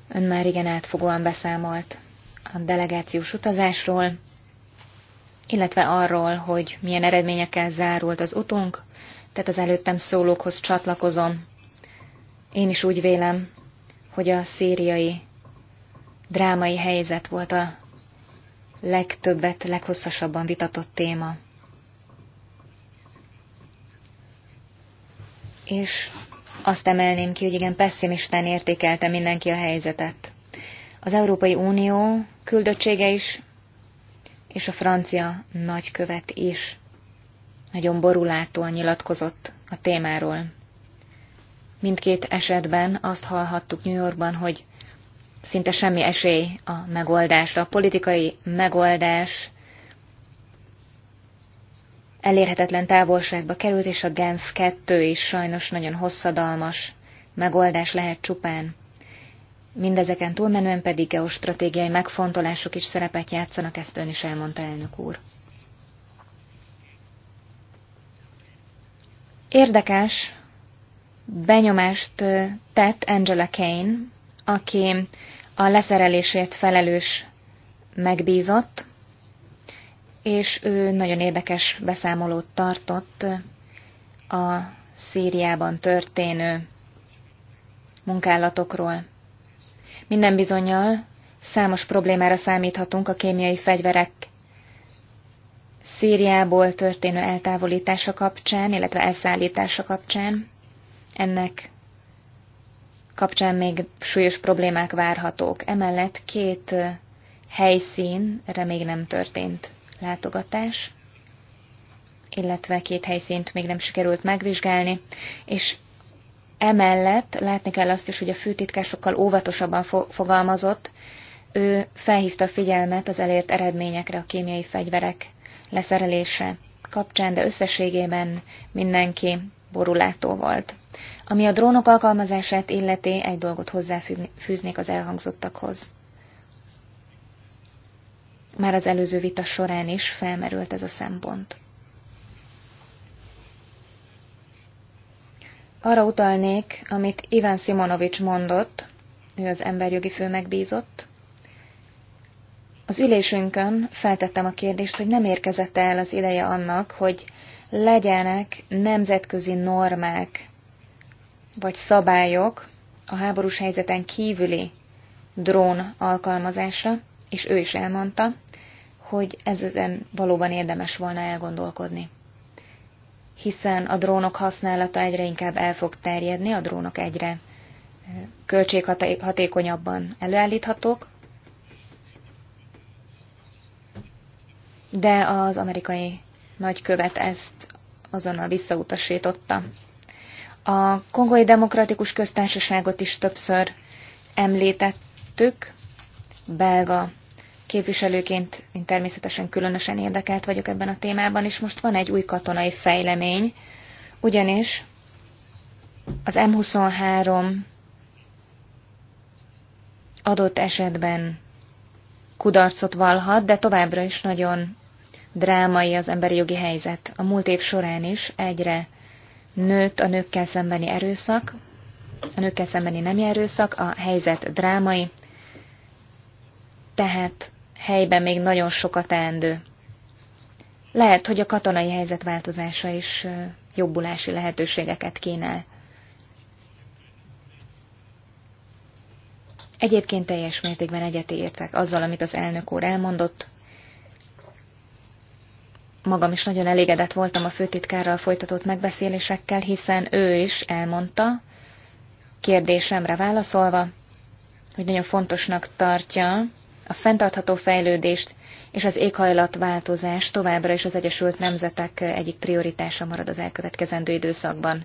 Ön már igen átfogóan beszámolt a delegációs utazásról, illetve arról, hogy milyen eredményekkel zárult az utunk, tehát az előttem szólókhoz csatlakozom. Én is úgy vélem, hogy a szíriai drámai helyzet volt a legtöbbet, leghosszasabban vitatott téma. És azt emelném ki, hogy igen, pessimisten értékelte mindenki a helyzetet. Az Európai Unió küldöttsége is, és a francia nagykövet is nagyon borulától nyilatkozott a témáról. Mindkét esetben azt hallhattuk New Yorkban, hogy szinte semmi esély a megoldásra. A politikai megoldás elérhetetlen távolságba került, és a Genf 2 is sajnos nagyon hosszadalmas megoldás lehet csupán. Mindezeken túlmenően pedig geostratégiai megfontolások is szerepet játszanak, ezt ön is elmondta, elnök úr. Érdekes benyomást tett Angela Kane, aki a leszerelésért felelős megbízott, és ő nagyon érdekes beszámolót tartott a Szíriában történő munkálatokról. Minden bizonyal számos problémára számíthatunk a kémiai fegyverek Szíriából történő eltávolítása kapcsán, illetve elszállítása kapcsán. Ennek kapcsán még súlyos problémák várhatók. Emellett két helyszínre még nem történt látogatás, illetve két helyszínt még nem sikerült megvizsgálni, és emellett látni kell azt is, hogy a főtitkásokkal óvatosabban fo- fogalmazott, ő felhívta a figyelmet az elért eredményekre a kémiai fegyverek leszerelése kapcsán, de összességében mindenki borulátó volt. Ami a drónok alkalmazását illeti, egy dolgot hozzáfűznék az elhangzottakhoz. Már az előző vita során is felmerült ez a szempont. Arra utalnék, amit Iván Simonovics mondott, ő az emberjogi fő megbízott. Az ülésünkön feltettem a kérdést, hogy nem érkezett el az ideje annak, hogy legyenek nemzetközi normák vagy szabályok a háborús helyzeten kívüli drón alkalmazásra, és ő is elmondta, hogy ezen valóban érdemes volna elgondolkodni. Hiszen a drónok használata egyre inkább el fog terjedni, a drónok egyre eh, költséghatékonyabban előállíthatók, de az amerikai nagykövet ezt azonnal visszautasította. A Kongói Demokratikus Köztársaságot is többször említettük. Belga képviselőként én természetesen különösen érdekelt vagyok ebben a témában, és most van egy új katonai fejlemény, ugyanis az M23 adott esetben kudarcot valhat, de továbbra is nagyon drámai az emberi jogi helyzet. A múlt év során is egyre nőtt a nőkkel szembeni erőszak, a nőkkel szembeni nemi erőszak, a helyzet drámai, tehát helyben még nagyon sokat teendő. Lehet, hogy a katonai helyzet változása is jobbulási lehetőségeket kínál. Egyébként teljes mértékben egyetértek azzal, amit az elnök úr elmondott magam is nagyon elégedett voltam a főtitkárral folytatott megbeszélésekkel, hiszen ő is elmondta, kérdésemre válaszolva, hogy nagyon fontosnak tartja a fenntartható fejlődést és az éghajlatváltozás továbbra is az Egyesült Nemzetek egyik prioritása marad az elkövetkezendő időszakban.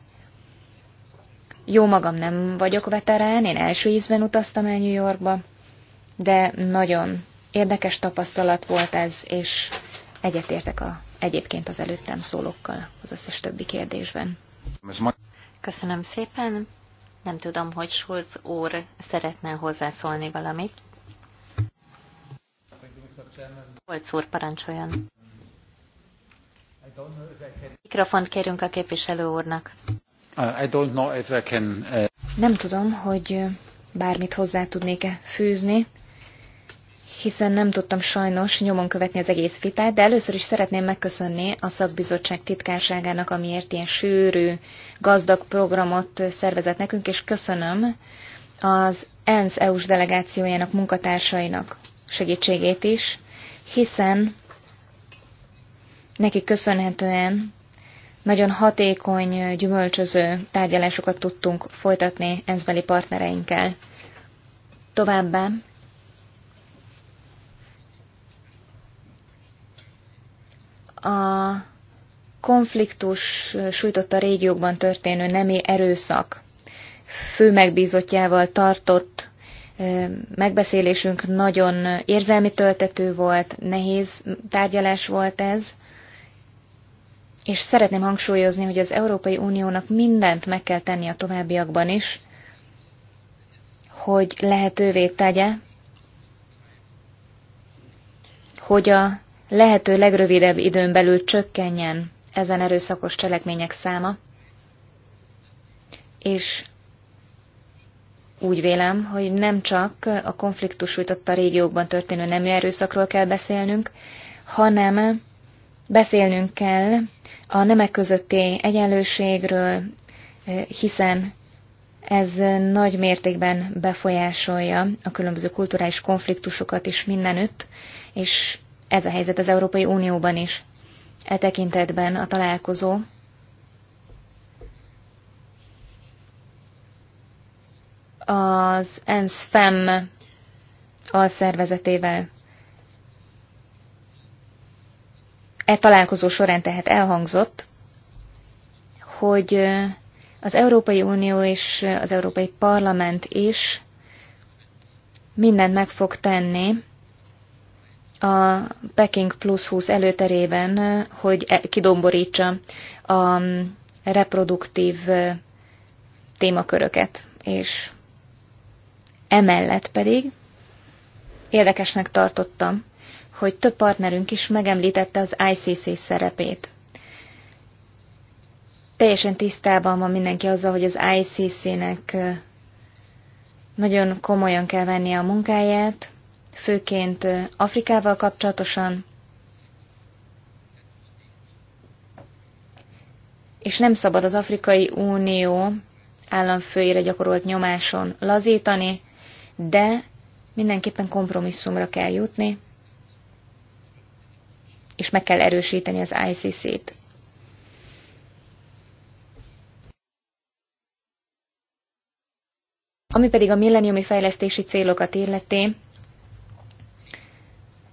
Jó magam nem vagyok veterán, én első ízben utaztam el New Yorkba, de nagyon érdekes tapasztalat volt ez, és egyetértek a egyébként az előttem szólókkal az összes többi kérdésben. Köszönöm szépen. Nem tudom, hogy Schulz úr szeretne hozzászólni valamit. Schulz úr, parancsoljon. Mikrofont kérünk a képviselő úrnak. Uh, I don't know if I can, uh... Nem tudom, hogy bármit hozzá tudnék-e fűzni hiszen nem tudtam sajnos nyomon követni az egész vitát, de először is szeretném megköszönni a szakbizottság titkárságának, amiért ilyen sűrű, gazdag programot szervezett nekünk, és köszönöm az ENSZ EU-s delegációjának munkatársainak segítségét is, hiszen neki köszönhetően nagyon hatékony, gyümölcsöző tárgyalásokat tudtunk folytatni ENSZ-beli partnereinkkel. Továbbá a konfliktus sújtotta régiókban történő nemi erőszak fő megbízottjával tartott megbeszélésünk nagyon érzelmi töltető volt, nehéz tárgyalás volt ez, és szeretném hangsúlyozni, hogy az Európai Uniónak mindent meg kell tenni a továbbiakban is, hogy lehetővé tegye, hogy a lehető legrövidebb időn belül csökkenjen ezen erőszakos cselekmények száma, és úgy vélem, hogy nem csak a konfliktus a régiókban történő nemű erőszakról kell beszélnünk, hanem beszélnünk kell a nemek közötti egyenlőségről, hiszen ez nagy mértékben befolyásolja a különböző kulturális konfliktusokat is mindenütt, és ez a helyzet az Európai Unióban is. E tekintetben a találkozó az ENSZ FEM alszervezetével e találkozó során tehát elhangzott, hogy az Európai Unió és az Európai Parlament is mindent meg fog tenni a Peking Plus 20 előterében, hogy e- kidomborítsa a mm, reproduktív témaköröket, és emellett pedig érdekesnek tartottam, hogy több partnerünk is megemlítette az ICC szerepét. Teljesen tisztában van mindenki azzal, hogy az ICC-nek nagyon komolyan kell vennie a munkáját, főként Afrikával kapcsolatosan, és nem szabad az Afrikai Unió államfőire gyakorolt nyomáson lazítani, de mindenképpen kompromisszumra kell jutni, és meg kell erősíteni az ICC-t. Ami pedig a milleniumi fejlesztési célokat illeti,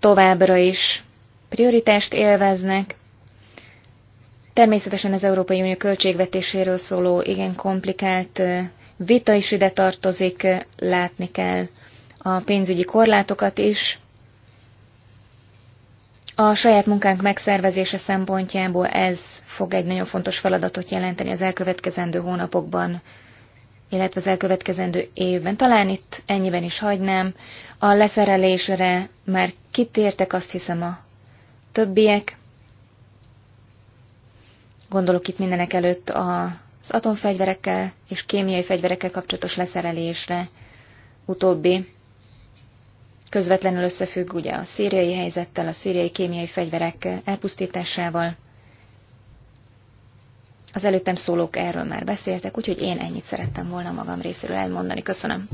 továbbra is prioritást élveznek. Természetesen az Európai Unió költségvetéséről szóló igen komplikált vita is ide tartozik, látni kell a pénzügyi korlátokat is. A saját munkánk megszervezése szempontjából ez fog egy nagyon fontos feladatot jelenteni az elkövetkezendő hónapokban illetve az elkövetkezendő évben. Talán itt ennyiben is hagynám. A leszerelésre már kitértek, azt hiszem a többiek. Gondolok itt mindenek előtt az atomfegyverekkel és kémiai fegyverekkel kapcsolatos leszerelésre. Utóbbi közvetlenül összefügg ugye a szíriai helyzettel, a szíriai kémiai fegyverek elpusztításával. Az előttem szólók erről már beszéltek, úgyhogy én ennyit szerettem volna magam részéről elmondani. Köszönöm.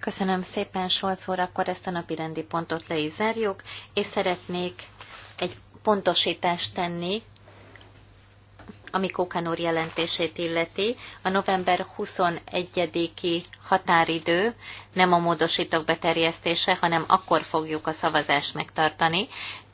Köszönöm szépen, Solc úr, akkor ezt a napi rendi pontot le is zárjuk, és szeretnék egy pontosítást tenni, ami Kókán úr jelentését illeti. A november 21-i határidő nem a módosítók beterjesztése, hanem akkor fogjuk a szavazást megtartani.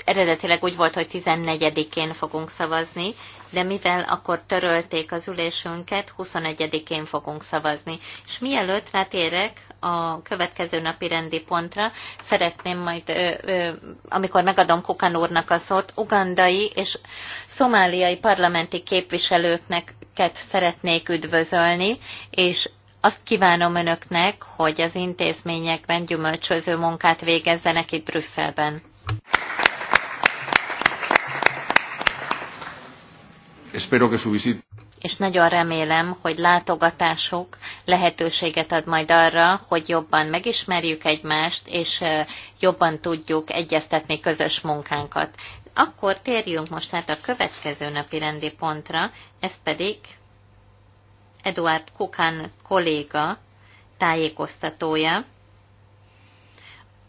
Eredetileg úgy volt, hogy 14-én fogunk szavazni, de mivel akkor törölték az ülésünket, 21-én fogunk szavazni. És mielőtt rátérek a következő napi rendi pontra, szeretném majd, amikor megadom Kukan úrnak a szót, ugandai és szomáliai parlamenti képviselőknek szeretnék üdvözölni, és azt kívánom önöknek, hogy az intézményekben gyümölcsöző munkát végezzenek itt Brüsszelben. Espero que su visita és nagyon remélem, hogy látogatásuk lehetőséget ad majd arra, hogy jobban megismerjük egymást, és jobban tudjuk egyeztetni közös munkánkat. Akkor térjünk most hát a következő napi rendi pontra, ez pedig Eduard Kukán kolléga tájékoztatója,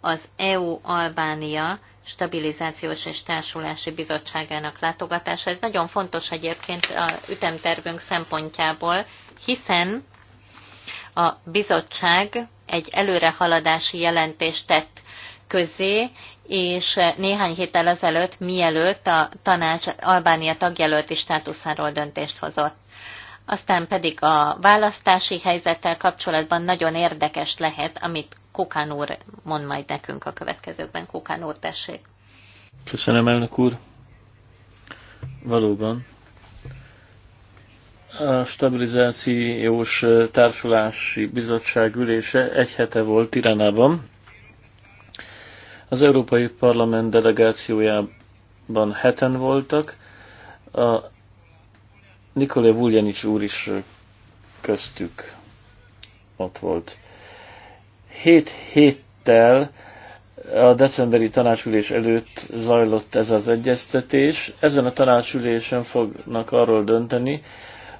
az EU-Albánia Stabilizációs és Társulási Bizottságának látogatása. Ez nagyon fontos egyébként a ütemtervünk szempontjából, hiszen a bizottság egy előrehaladási jelentést tett közé, és néhány héttel ezelőtt, mielőtt a tanács Albánia tagjelölti státuszáról döntést hozott aztán pedig a választási helyzettel kapcsolatban nagyon érdekes lehet, amit Kokán úr mond majd nekünk a következőkben. Kokán úr, tessék. Köszönöm, elnök úr. Valóban. A stabilizációs társulási bizottság ülése egy hete volt Tiránában. Az Európai Parlament delegációjában heten voltak. A Nikolai Vuljanics úr is köztük ott volt. Hét héttel a decemberi tanácsülés előtt zajlott ez az egyeztetés. Ezen a tanácsülésen fognak arról dönteni,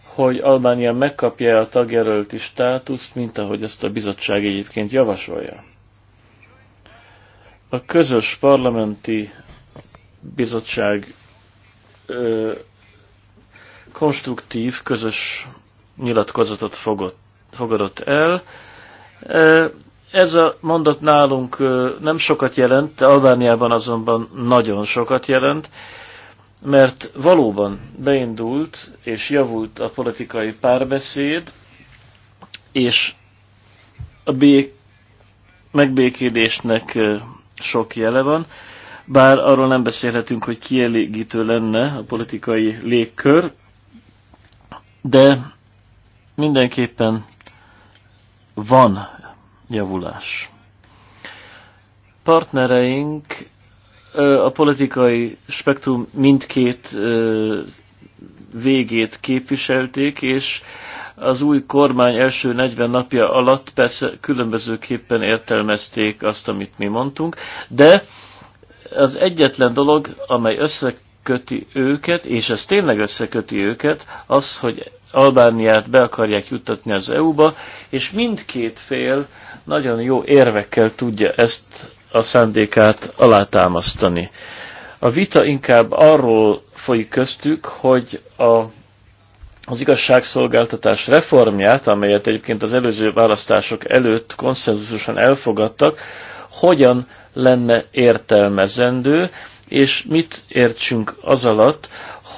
hogy Albánia megkapja a tagjelölti státuszt, mint ahogy ezt a bizottság egyébként javasolja. A közös parlamenti bizottság ö, konstruktív, közös nyilatkozatot fogott, fogadott el. E, ez a mondat nálunk e, nem sokat jelent, Albániában azonban nagyon sokat jelent, mert valóban beindult és javult a politikai párbeszéd, és a bék megbékélésnek e, sok jele van, bár arról nem beszélhetünk, hogy kielégítő lenne a politikai légkör, de mindenképpen van javulás. Partnereink a politikai spektrum mindkét végét képviselték, és az új kormány első 40 napja alatt persze különbözőképpen értelmezték azt, amit mi mondtunk, de az egyetlen dolog, amely össze összeköti őket, és ez tényleg összeköti őket, az, hogy Albániát be akarják juttatni az EU-ba, és mindkét fél nagyon jó érvekkel tudja ezt a szándékát alátámasztani. A vita inkább arról folyik köztük, hogy a, az igazságszolgáltatás reformját, amelyet egyébként az előző választások előtt konszenzusosan elfogadtak, hogyan lenne értelmezendő, és mit értsünk az alatt,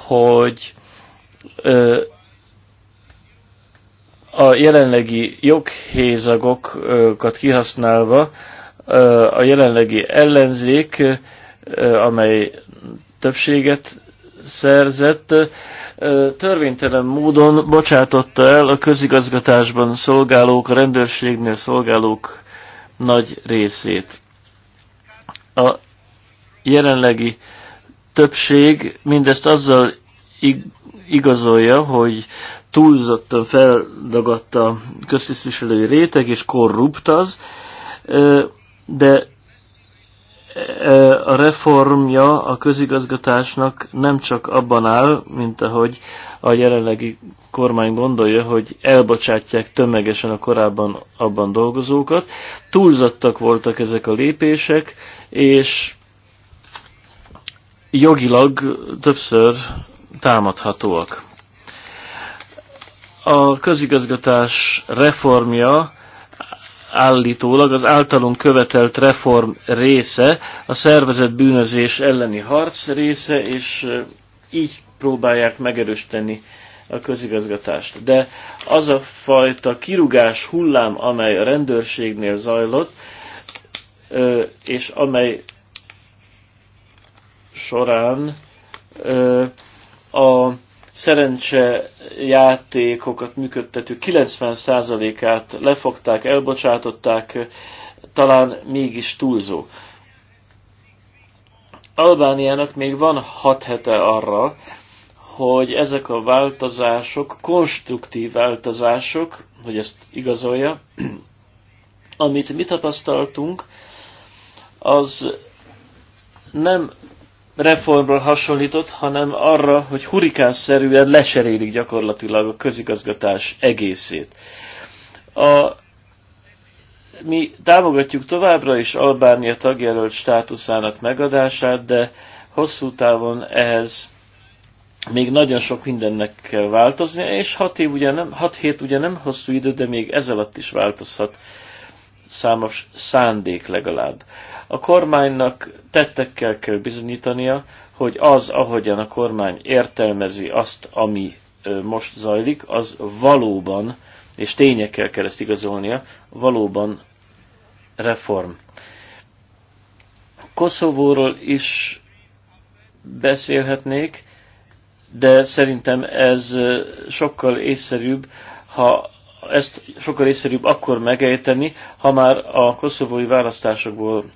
hogy ö, a jelenlegi joghézagokat kihasználva ö, a jelenlegi ellenzék, ö, amely többséget szerzett, törvénytelen módon bocsátotta el a közigazgatásban szolgálók, a rendőrségnél szolgálók nagy részét. A jelenlegi többség mindezt azzal igazolja, hogy túlzottan feldagadt a köztisztviselői réteg, és korrupt az, de a reformja a közigazgatásnak nem csak abban áll, mint ahogy a jelenlegi kormány gondolja, hogy elbocsátják tömegesen a korábban abban dolgozókat. Túlzottak voltak ezek a lépések, és jogilag többször támadhatóak. A közigazgatás reformja állítólag az általunk követelt reform része, a szervezet bűnözés elleni harc része, és így próbálják megerősíteni a közigazgatást. De az a fajta kirugás hullám, amely a rendőrségnél zajlott, és amely során a szerencse játékokat működtető 90%-át lefogták, elbocsátották, talán mégis túlzó. Albániának még van hat hete arra, hogy ezek a változások, konstruktív változások, hogy ezt igazolja, amit mi tapasztaltunk, az nem reformra hasonlított, hanem arra, hogy hurikánszerűen leserélik gyakorlatilag a közigazgatás egészét. A, mi támogatjuk továbbra is Albánia tagjelölt státuszának megadását, de hosszú távon ehhez még nagyon sok mindennek kell változni, és hat, év ugye nem, hat hét ugye nem hosszú idő, de még ez alatt is változhat számos szándék legalább. A kormánynak tettekkel kell bizonyítania, hogy az, ahogyan a kormány értelmezi azt, ami most zajlik, az valóban, és tényekkel kell ezt igazolnia, valóban reform. Koszovóról is beszélhetnék, de szerintem ez sokkal észszerűbb, ha ezt sokkal észszerűbb akkor megejteni, ha már a koszovói választásokból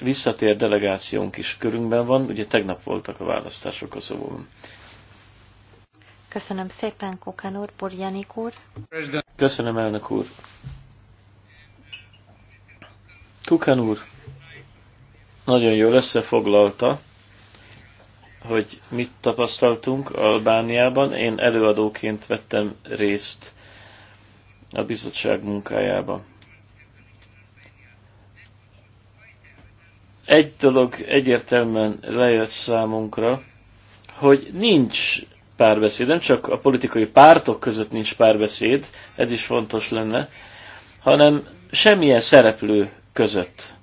visszatér delegációnk is körünkben van, ugye tegnap voltak a választások Koszovóban. Köszönöm szépen, Kukán úr, Borjanik úr. Köszönöm, elnök úr. Kukán úr nagyon jól összefoglalta, hogy mit tapasztaltunk Albániában. Én előadóként vettem részt a bizottság munkájába. Egy dolog egyértelműen lejött számunkra, hogy nincs párbeszéd, nem csak a politikai pártok között nincs párbeszéd, ez is fontos lenne, hanem semmilyen szereplő között.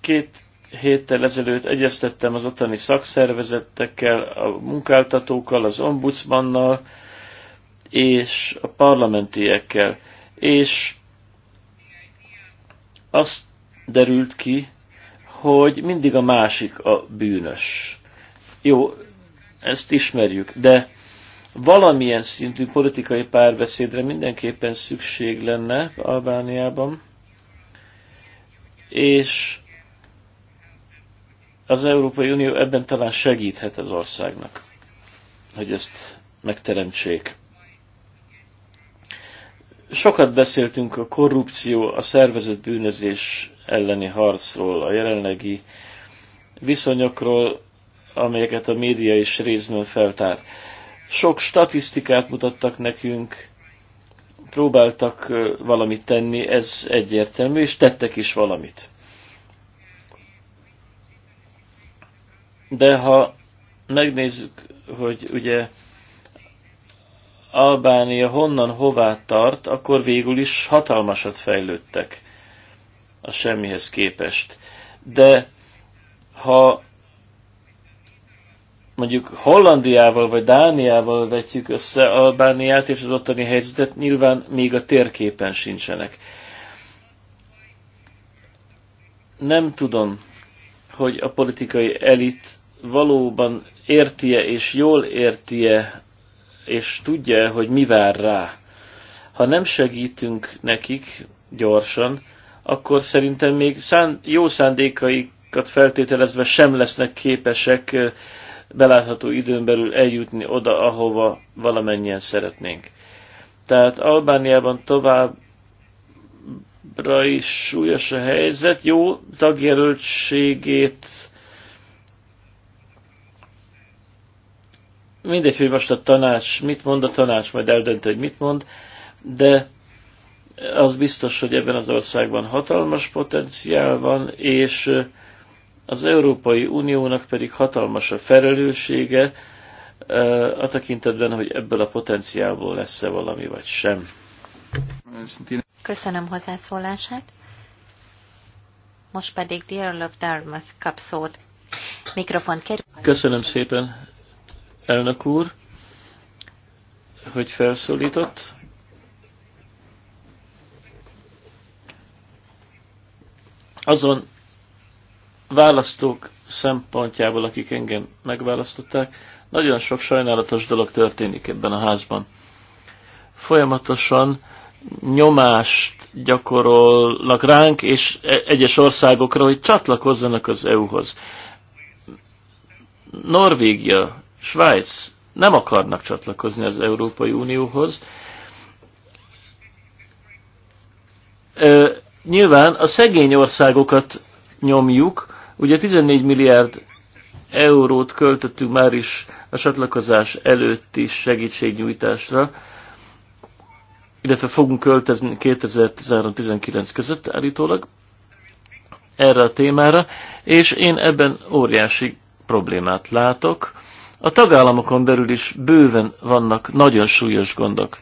Két héttel ezelőtt egyeztettem az ottani szakszervezetekkel, a munkáltatókkal, az ombudsmannal, és a parlamentiekkel, és azt derült ki, hogy mindig a másik a bűnös. Jó, ezt ismerjük, de valamilyen szintű politikai párbeszédre mindenképpen szükség lenne Albániában, és az Európai Unió ebben talán segíthet az országnak, hogy ezt megteremtsék. Sokat beszéltünk a korrupció, a szervezett bűnözés elleni harcról, a jelenlegi viszonyokról, amelyeket a média is részben feltár. Sok statisztikát mutattak nekünk, próbáltak valamit tenni, ez egyértelmű, és tettek is valamit. De ha megnézzük, hogy ugye Albánia honnan hová tart, akkor végül is hatalmasat fejlődtek a semmihez képest. De ha mondjuk Hollandiával vagy Dániával vetjük össze Albániát és az ottani helyzetet, nyilván még a térképen sincsenek. Nem tudom, hogy a politikai elit valóban érti-e és jól érti-e és tudja, hogy mi vár rá. Ha nem segítünk nekik gyorsan, akkor szerintem még szán, jó szándékaikat feltételezve sem lesznek képesek belátható időn belül eljutni oda, ahova valamennyien szeretnénk. Tehát Albániában tovább továbbra is súlyos a helyzet. Jó, tagjelöltségét mindegy, hogy most a tanács mit mond, a tanács majd eldönt, hogy mit mond, de az biztos, hogy ebben az országban hatalmas potenciál van, és az Európai Uniónak pedig hatalmas a felelőssége a tekintetben, hogy ebből a potenciálból lesz-e valami, vagy sem. Köszönöm hozzászólását. Most pedig Dear Love Dartmouth kap szót. Mikrofont kerül. Köszönöm szépen, elnök úr, hogy felszólított. Azon választók szempontjából, akik engem megválasztották, nagyon sok sajnálatos dolog történik ebben a házban. Folyamatosan nyomást gyakorolnak ránk és e- egyes országokra, hogy csatlakozzanak az EU-hoz. Norvégia Svájc nem akarnak csatlakozni az Európai Unióhoz. nyilván a szegény országokat nyomjuk, ugye 14 milliárd eurót költöttünk már is a csatlakozás előtt is segítségnyújtásra, illetve fogunk költözni 2013-19 között állítólag erre a témára, és én ebben óriási problémát látok. A tagállamokon belül is bőven vannak nagyon súlyos gondok.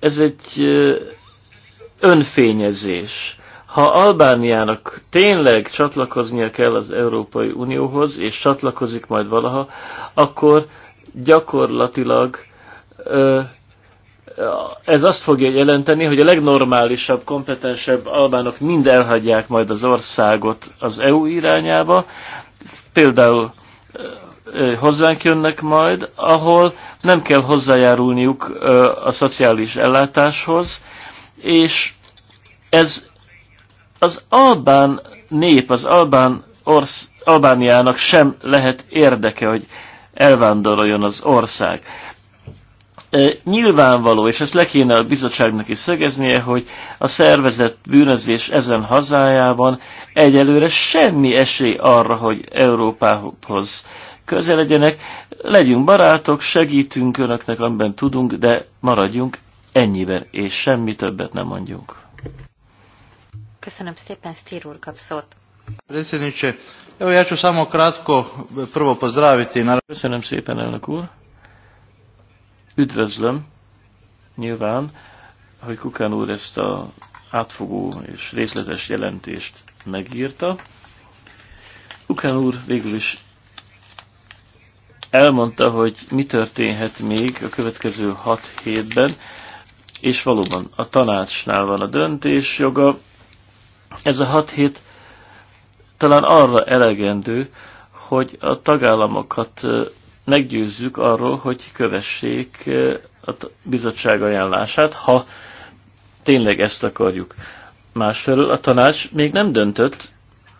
Ez egy önfényezés. Ha Albániának tényleg csatlakoznia kell az Európai Unióhoz, és csatlakozik majd valaha, akkor gyakorlatilag ez azt fogja jelenteni, hogy a legnormálisabb, kompetensebb albánok mind elhagyják majd az országot az EU irányába. Például hozzánk jönnek majd, ahol nem kell hozzájárulniuk a szociális ellátáshoz, és ez az albán nép, az albán orsz, Albániának sem lehet érdeke, hogy elvándoroljon az ország. Nyilvánvaló, és ezt le kéne a bizottságnak is szögeznie, hogy a szervezett bűnözés ezen hazájában egyelőre semmi esély arra, hogy Európához közel legyenek. Legyünk barátok, segítünk önöknek, amiben tudunk, de maradjunk ennyiben, és semmi többet nem mondjunk. Köszönöm szépen, Stír úr kap szót. Köszönöm szépen, elnök úr. Üdvözlöm nyilván, hogy Kukán úr ezt a átfogó és részletes jelentést megírta. Kukán úr végül is elmondta, hogy mi történhet még a következő hat hétben, és valóban a tanácsnál van a döntés joga. Ez a hat hét talán arra elegendő, hogy a tagállamokat meggyőzzük arról, hogy kövessék eh, a bizottság ajánlását, ha tényleg ezt akarjuk. Másfelől a tanács még nem döntött,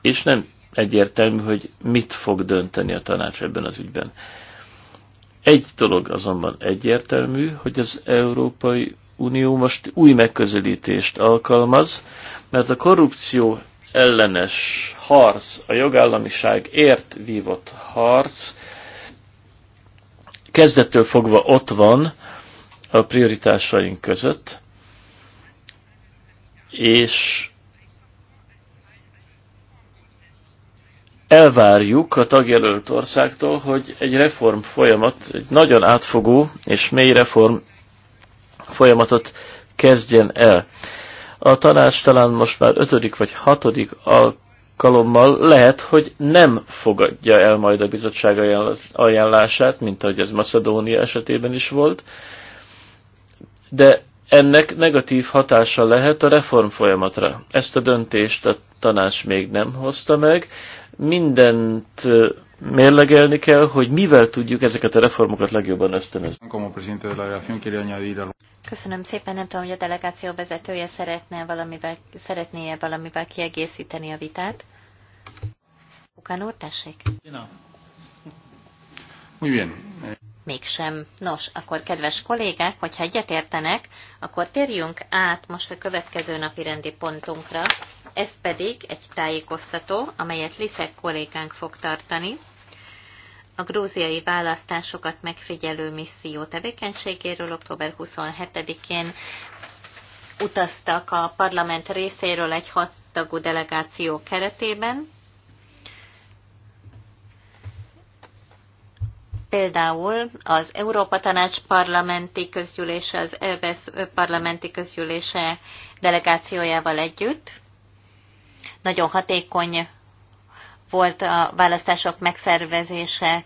és nem egyértelmű, hogy mit fog dönteni a tanács ebben az ügyben. Egy dolog azonban egyértelmű, hogy az Európai Unió most új megközelítést alkalmaz, mert a korrupció ellenes harc, a jogállamiságért ért vívott harc kezdettől fogva ott van a prioritásaink között, és elvárjuk a tagjelölt országtól, hogy egy reform folyamat, egy nagyon átfogó és mély reform folyamatot kezdjen el. A tanács talán most már ötödik vagy hatodik alkalommal alkalommal lehet, hogy nem fogadja el majd a bizottság ajánlását, mint ahogy ez Macedónia esetében is volt, de ennek negatív hatása lehet a reform folyamatra. Ezt a döntést a tanács még nem hozta meg, mindent mérlegelni kell, hogy mivel tudjuk ezeket a reformokat legjobban ösztönözni. Köszönöm szépen, nem tudom, hogy a delegáció vezetője szeretne valamivel, szeretné -e valamivel kiegészíteni a vitát. Ukán úr, tessék. Muy bien. Mégsem. Nos, akkor kedves kollégák, hogyha egyetértenek, akkor térjünk át most a következő napi rendi pontunkra, ez pedig egy tájékoztató, amelyet Liszek kollégánk fog tartani a grúziai választásokat megfigyelő misszió tevékenységéről október 27-én utaztak a parlament részéről egy hat tagú delegáció keretében. Például az Európa Tanács parlamenti közgyűlése, az EBS parlamenti közgyűlése delegációjával együtt, nagyon hatékony volt a választások megszervezése,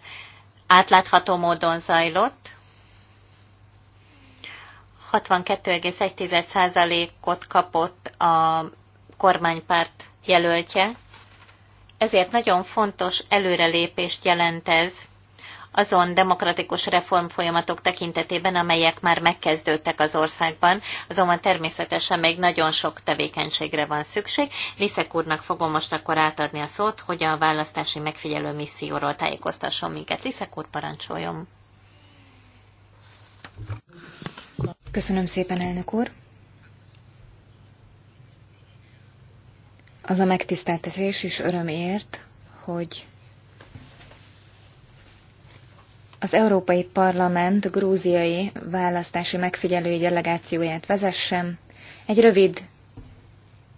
átlátható módon zajlott. 62,1%-ot kapott a kormánypárt jelöltje, ezért nagyon fontos előrelépést jelent ez azon demokratikus reformfolyamatok tekintetében, amelyek már megkezdődtek az országban, azonban természetesen még nagyon sok tevékenységre van szükség. Liszek úrnak fogom most akkor átadni a szót, hogy a választási megfigyelő misszióról tájékoztasson minket. Liszek úr, parancsoljon! Köszönöm szépen, elnök úr! Az a megtiszteltetés és örömért, hogy az Európai Parlament grúziai választási megfigyelői delegációját vezessem. Egy rövid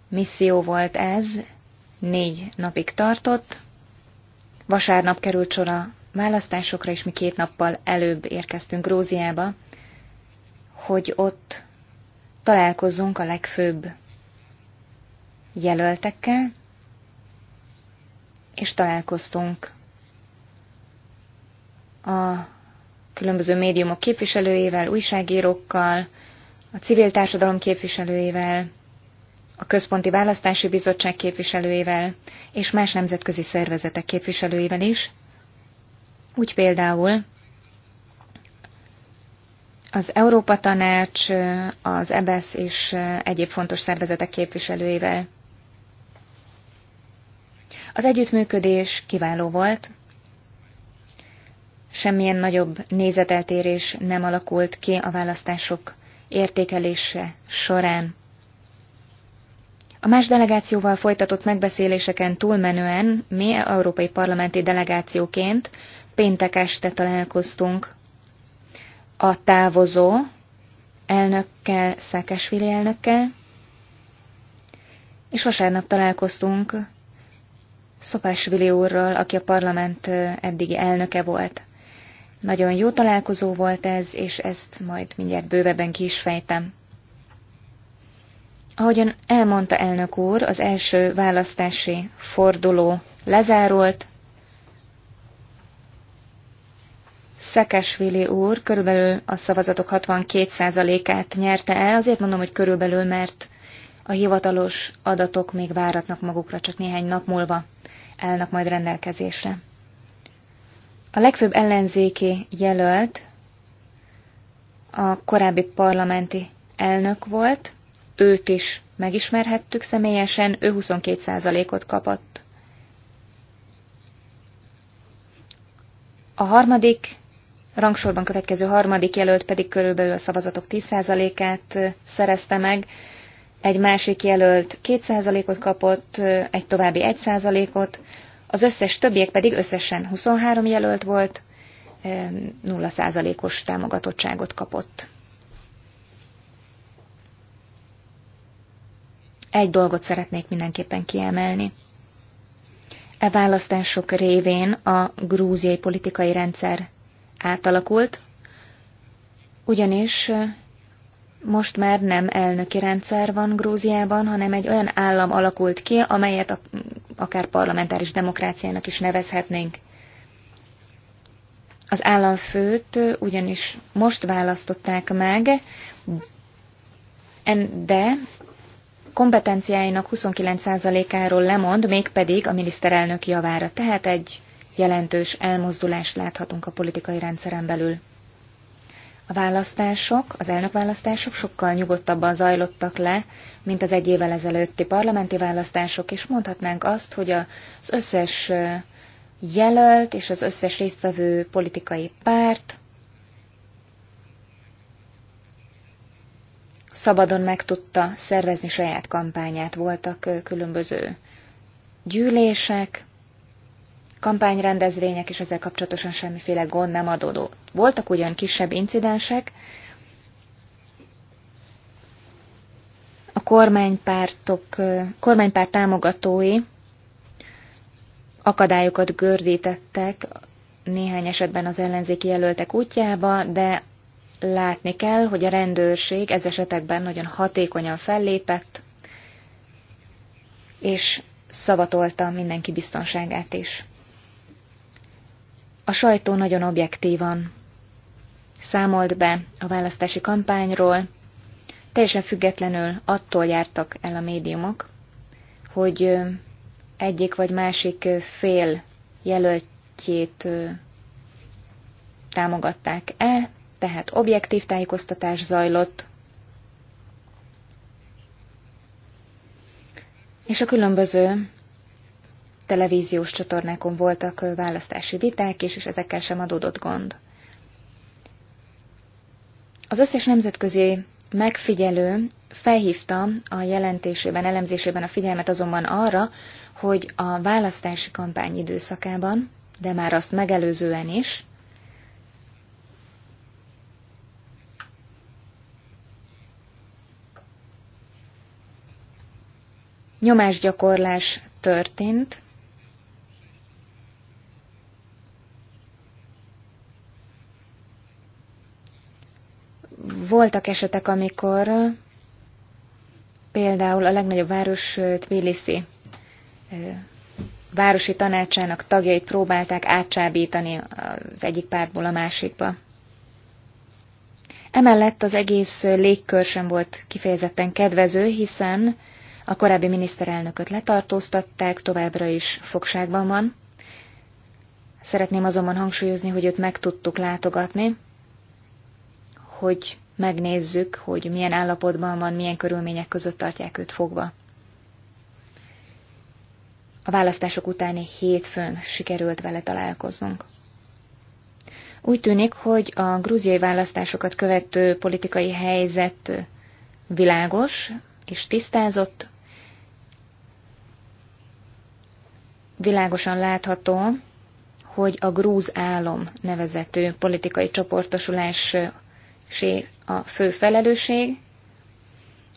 misszió volt ez, négy napig tartott. Vasárnap került sor a választásokra, és mi két nappal előbb érkeztünk Gróziába, hogy ott találkozzunk a legfőbb jelöltekkel, és találkoztunk a különböző médiumok képviselőivel, újságírókkal, a civil társadalom képviselőivel, a Központi Választási Bizottság képviselőivel és más nemzetközi szervezetek képviselőivel is. Úgy például az Európa Tanács, az EBSZ e és egyéb fontos szervezetek képviselőivel. Az együttműködés kiváló volt, semmilyen nagyobb nézeteltérés nem alakult ki a választások értékelése során. A más delegációval folytatott megbeszéléseken túlmenően mi európai parlamenti delegációként péntek este találkoztunk a távozó elnökkel, Szákásvili elnökkel, és vasárnap találkoztunk Szopásvili úrral, aki a parlament eddigi elnöke volt. Nagyon jó találkozó volt ez, és ezt majd mindjárt bővebben ki is fejtem. Ahogyan elmondta elnök úr, az első választási forduló lezárult. Szekesvili úr körülbelül a szavazatok 62%-át nyerte el, azért mondom, hogy körülbelül, mert a hivatalos adatok még váratnak magukra, csak néhány nap múlva állnak majd rendelkezésre. A legfőbb ellenzéki jelölt a korábbi parlamenti elnök volt, őt is megismerhettük személyesen, ő 22%-ot kapott. A harmadik, rangsorban következő harmadik jelölt pedig körülbelül a szavazatok 10%-át szerezte meg, egy másik jelölt 2%-ot kapott, egy további 1%-ot, az összes többiek pedig összesen 23 jelölt volt, 0%-os támogatottságot kapott. Egy dolgot szeretnék mindenképpen kiemelni. E választások révén a grúziai politikai rendszer átalakult, ugyanis most már nem elnöki rendszer van Grúziában, hanem egy olyan állam alakult ki, amelyet a, akár parlamentáris demokráciának is nevezhetnénk. Az államfőt ugyanis most választották meg, de kompetenciáinak 29%-áról lemond, mégpedig a miniszterelnök javára, tehát egy jelentős elmozdulást láthatunk a politikai rendszeren belül. A választások, az elnökválasztások sokkal nyugodtabban zajlottak le, mint az egy évvel ezelőtti parlamenti választások, és mondhatnánk azt, hogy az összes jelölt és az összes résztvevő politikai párt szabadon meg tudta szervezni saját kampányát. Voltak különböző gyűlések, kampányrendezvények, és ezzel kapcsolatosan semmiféle gond nem adódó. Voltak ugyan kisebb incidensek, a kormánypártok, kormánypárt támogatói akadályokat gördítettek néhány esetben az ellenzéki jelöltek útjába, de látni kell, hogy a rendőrség ez esetekben nagyon hatékonyan fellépett, és szavatolta mindenki biztonságát is. A sajtó nagyon objektívan számolt be a választási kampányról, teljesen függetlenül attól jártak el a médiumok, hogy egyik vagy másik fél jelöltjét támogatták-e, tehát objektív tájékoztatás zajlott, és a különböző televíziós csatornákon voltak választási viták, és, és ezekkel sem adódott gond. Az összes nemzetközi megfigyelő felhívta a jelentésében, elemzésében a figyelmet azonban arra, hogy a választási kampány időszakában, de már azt megelőzően is, nyomásgyakorlás történt voltak esetek, amikor például a legnagyobb város Tbilisi városi tanácsának tagjait próbálták átcsábítani az egyik pártból a másikba. Emellett az egész légkör sem volt kifejezetten kedvező, hiszen a korábbi miniszterelnököt letartóztatták, továbbra is fogságban van. Szeretném azonban hangsúlyozni, hogy őt meg tudtuk látogatni, hogy megnézzük, hogy milyen állapotban van, milyen körülmények között tartják őt fogva. A választások utáni hétfőn sikerült vele találkoznunk. Úgy tűnik, hogy a grúziai választásokat követő politikai helyzet világos és tisztázott, világosan látható, hogy a grúz álom nevezető politikai csoportosulás a fő felelősség,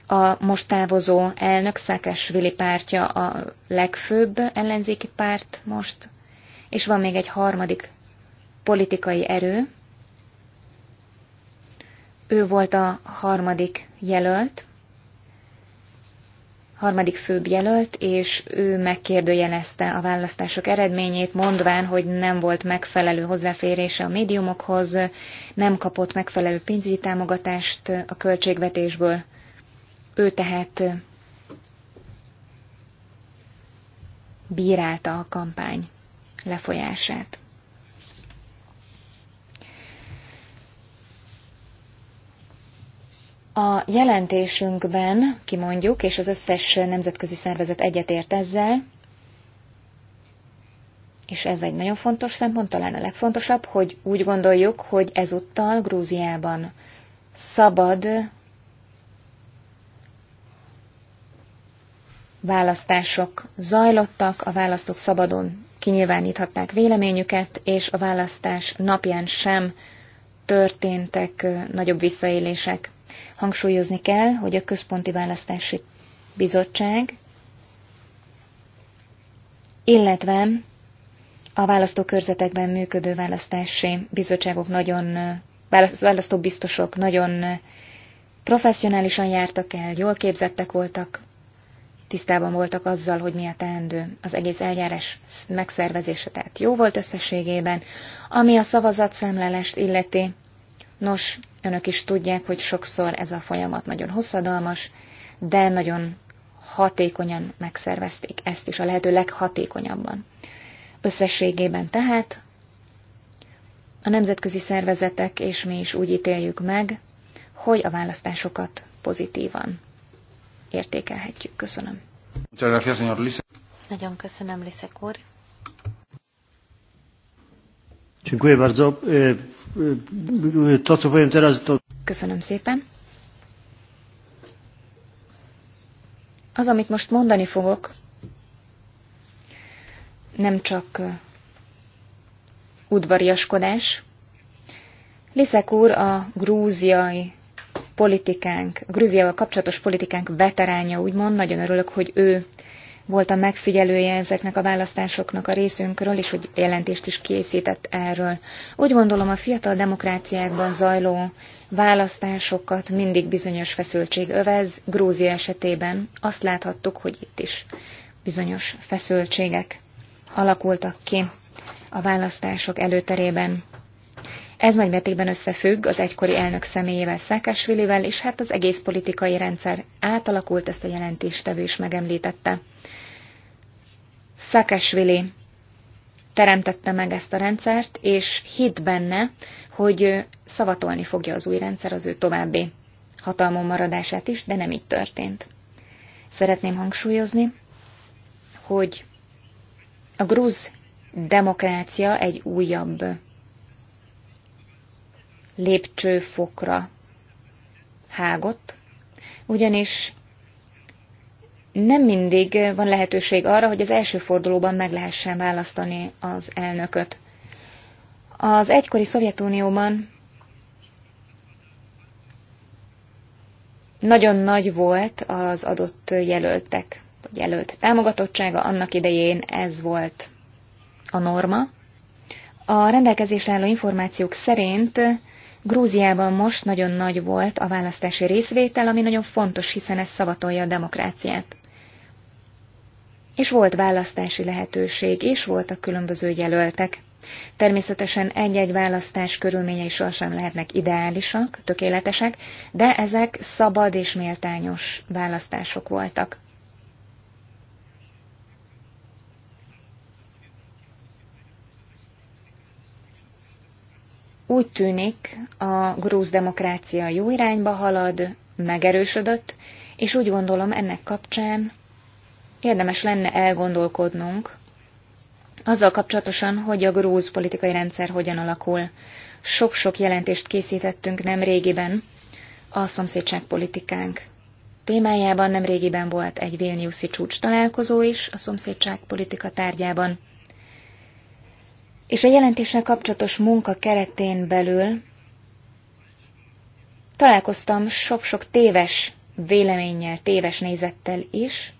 a most távozó elnök Szákásvili pártja a legfőbb ellenzéki párt most, és van még egy harmadik politikai erő. Ő volt a harmadik jelölt, harmadik főbb jelölt, és ő megkérdőjelezte a választások eredményét, mondván, hogy nem volt megfelelő hozzáférése a médiumokhoz, nem kapott megfelelő pénzügyi támogatást a költségvetésből. Ő tehát bírálta a kampány lefolyását. A jelentésünkben kimondjuk, és az összes nemzetközi szervezet egyetért ezzel, és ez egy nagyon fontos szempont, talán a legfontosabb, hogy úgy gondoljuk, hogy ezúttal Grúziában szabad választások zajlottak, a választók szabadon kinyilváníthatták véleményüket, és a választás napján sem történtek nagyobb visszaélések. Hangsúlyozni kell, hogy a Központi Választási Bizottság, illetve a választókörzetekben működő választási bizottságok nagyon, választóbiztosok nagyon professzionálisan jártak el, jól képzettek voltak, tisztában voltak azzal, hogy mi a teendő. Az egész eljárás megszervezése tehát jó volt összességében, ami a szavazatszámlálást illeti. Nos, önök is tudják, hogy sokszor ez a folyamat nagyon hosszadalmas, de nagyon hatékonyan megszervezték ezt is, a lehető leghatékonyabban. Összességében tehát a nemzetközi szervezetek és mi is úgy ítéljük meg, hogy a választásokat pozitívan értékelhetjük. Köszönöm. Nagyon köszönöm, Liszek úr. Dziękuję bardzo. E, to, co teraz, to... Köszönöm szépen. Az, amit most mondani fogok, nem csak udvariaskodás. Liszek úr a grúziai politikánk, a Grúziával kapcsolatos politikánk veteránja, úgymond, nagyon örülök, hogy ő voltam megfigyelője ezeknek a választásoknak a részünkről, és hogy jelentést is készített erről. Úgy gondolom, a fiatal demokráciákban zajló választásokat mindig bizonyos feszültség övez. Grúzia esetében azt láthattuk, hogy itt is bizonyos feszültségek alakultak ki a választások előterében. Ez nagy mértékben összefügg az egykori elnök személyével, Szákásvilivel, és hát az egész politikai rendszer átalakult, ezt a jelentéstevő is megemlítette. Szakesvili teremtette meg ezt a rendszert, és hitt benne, hogy szavatolni fogja az új rendszer az ő további hatalmon maradását is, de nem így történt. Szeretném hangsúlyozni, hogy a grúz demokrácia egy újabb lépcsőfokra hágott, ugyanis nem mindig van lehetőség arra, hogy az első fordulóban meg lehessen választani az elnököt. Az egykori Szovjetunióban nagyon nagy volt az adott jelöltek, vagy jelölt támogatottsága, annak idején ez volt a norma. A rendelkezésre álló információk szerint Grúziában most nagyon nagy volt a választási részvétel, ami nagyon fontos, hiszen ez szavatolja a demokráciát és volt választási lehetőség, és voltak különböző jelöltek. Természetesen egy-egy választás körülményei sohasem lehetnek ideálisak, tökéletesek, de ezek szabad és méltányos választások voltak. Úgy tűnik, a grúz demokrácia jó irányba halad, megerősödött, és úgy gondolom ennek kapcsán érdemes lenne elgondolkodnunk azzal kapcsolatosan, hogy a grúz politikai rendszer hogyan alakul. Sok-sok jelentést készítettünk nem régiben a szomszédságpolitikánk témájában, nem régiben volt egy Vilniuszi csúcs találkozó is a szomszédságpolitika tárgyában. És a jelentéssel kapcsolatos munka keretén belül találkoztam sok-sok téves véleménnyel, téves nézettel is,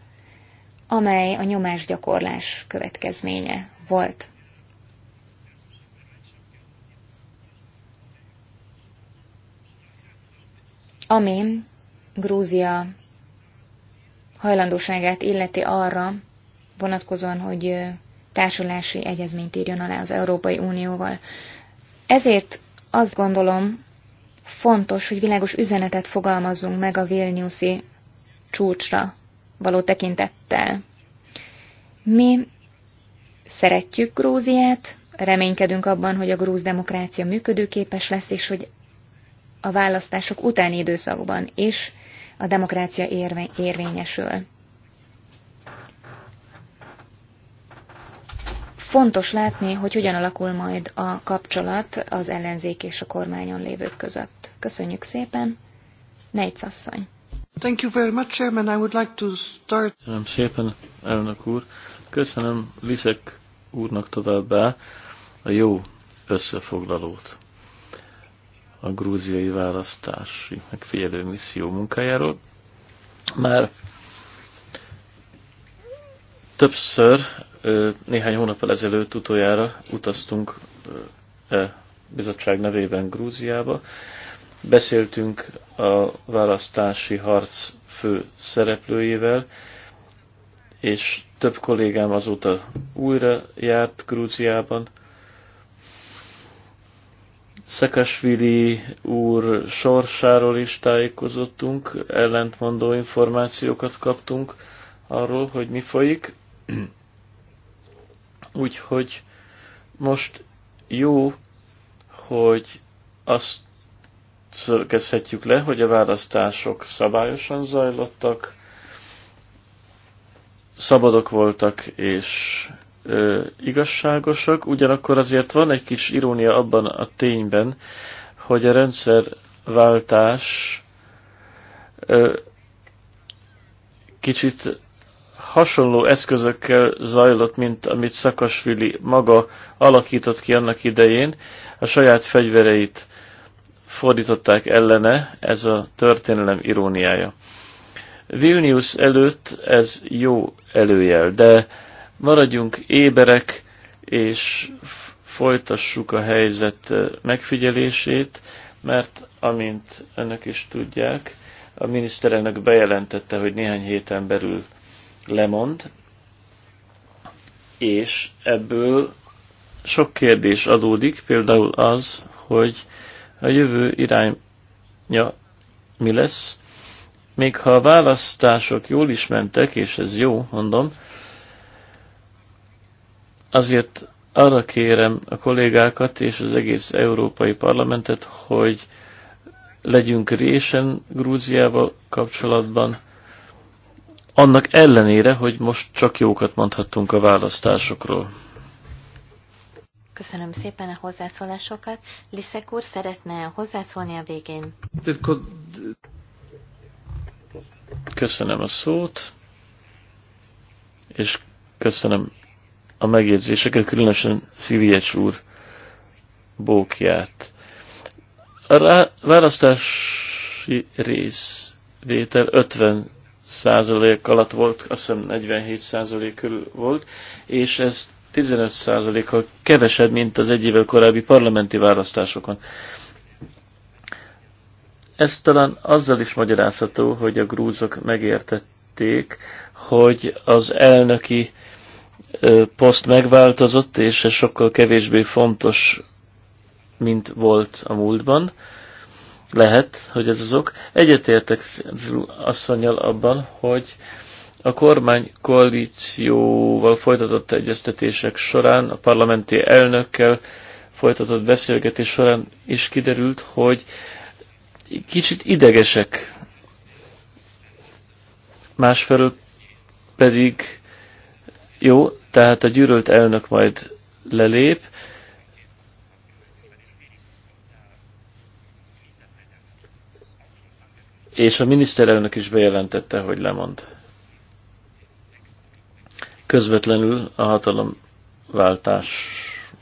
amely a nyomásgyakorlás következménye volt. Ami Grúzia hajlandóságát illeti arra vonatkozóan, hogy társulási egyezményt írjon alá az Európai Unióval. Ezért azt gondolom, fontos, hogy világos üzenetet fogalmazzunk meg a Vilniuszi csúcsra való tekintettel. Mi szeretjük Grúziát, reménykedünk abban, hogy a grúz demokrácia működőképes lesz, és hogy a választások utáni időszakban is a demokrácia érvény, érvényesül. Fontos látni, hogy hogyan alakul majd a kapcsolat az ellenzék és a kormányon lévők között. Köszönjük szépen! Nejc asszony! Thank you very much, Chairman. I would like to start... Köszönöm szépen, elnök úr. Köszönöm Lizek úrnak továbbá a jó összefoglalót a grúziai választási megfigyelő misszió munkájáról. Már többször, néhány hónappal ezelőtt utoljára utaztunk e bizottság nevében Grúziába, Beszéltünk a választási harc fő szereplőjével, és több kollégám azóta újra járt Grúziában. Szekasvili úr sorsáról is tájékozottunk, ellentmondó információkat kaptunk arról, hogy mi folyik. Úgyhogy most jó, hogy azt szögezhetjük le, hogy a választások szabályosan zajlottak, szabadok voltak és ö, igazságosak, ugyanakkor azért van egy kis irónia abban a tényben, hogy a rendszerváltás ö, kicsit hasonló eszközökkel zajlott, mint amit Szakasvili maga alakított ki annak idején, a saját fegyvereit fordították ellene, ez a történelem iróniája. Vilnius előtt ez jó előjel, de maradjunk éberek, és folytassuk a helyzet eh, megfigyelését, mert amint önök is tudják, a miniszterelnök bejelentette, hogy néhány héten belül lemond, és ebből sok kérdés adódik, például az, hogy a jövő irányja mi lesz. Még ha a választások jól is mentek, és ez jó, mondom, azért arra kérem a kollégákat és az egész Európai Parlamentet, hogy legyünk résen Grúziával kapcsolatban, annak ellenére, hogy most csak jókat mondhattunk a választásokról. Köszönöm szépen a hozzászólásokat. Liszek úr szeretne hozzászólni a végén. Köszönöm a szót, és köszönöm a megjegyzéseket, különösen Sziviecs úr bókját. A rá, választási részvétel 50 százalék alatt volt, azt hiszem 47 százalék körül volt, és ez 15%-kal kevesebb, mint az egy évvel korábbi parlamenti választásokon. Ez talán azzal is magyarázható, hogy a grúzok megértették, hogy az elnöki poszt megváltozott, és ez sokkal kevésbé fontos, mint volt a múltban. Lehet, hogy ez az ok. Egyetértek asszonyjal abban, hogy a kormány koalícióval folytatott egyeztetések során, a parlamenti elnökkel folytatott beszélgetés során is kiderült, hogy kicsit idegesek, másfelől pedig jó, tehát a gyűrölt elnök majd lelép, és a miniszterelnök is bejelentette, hogy lemond közvetlenül a hatalomváltás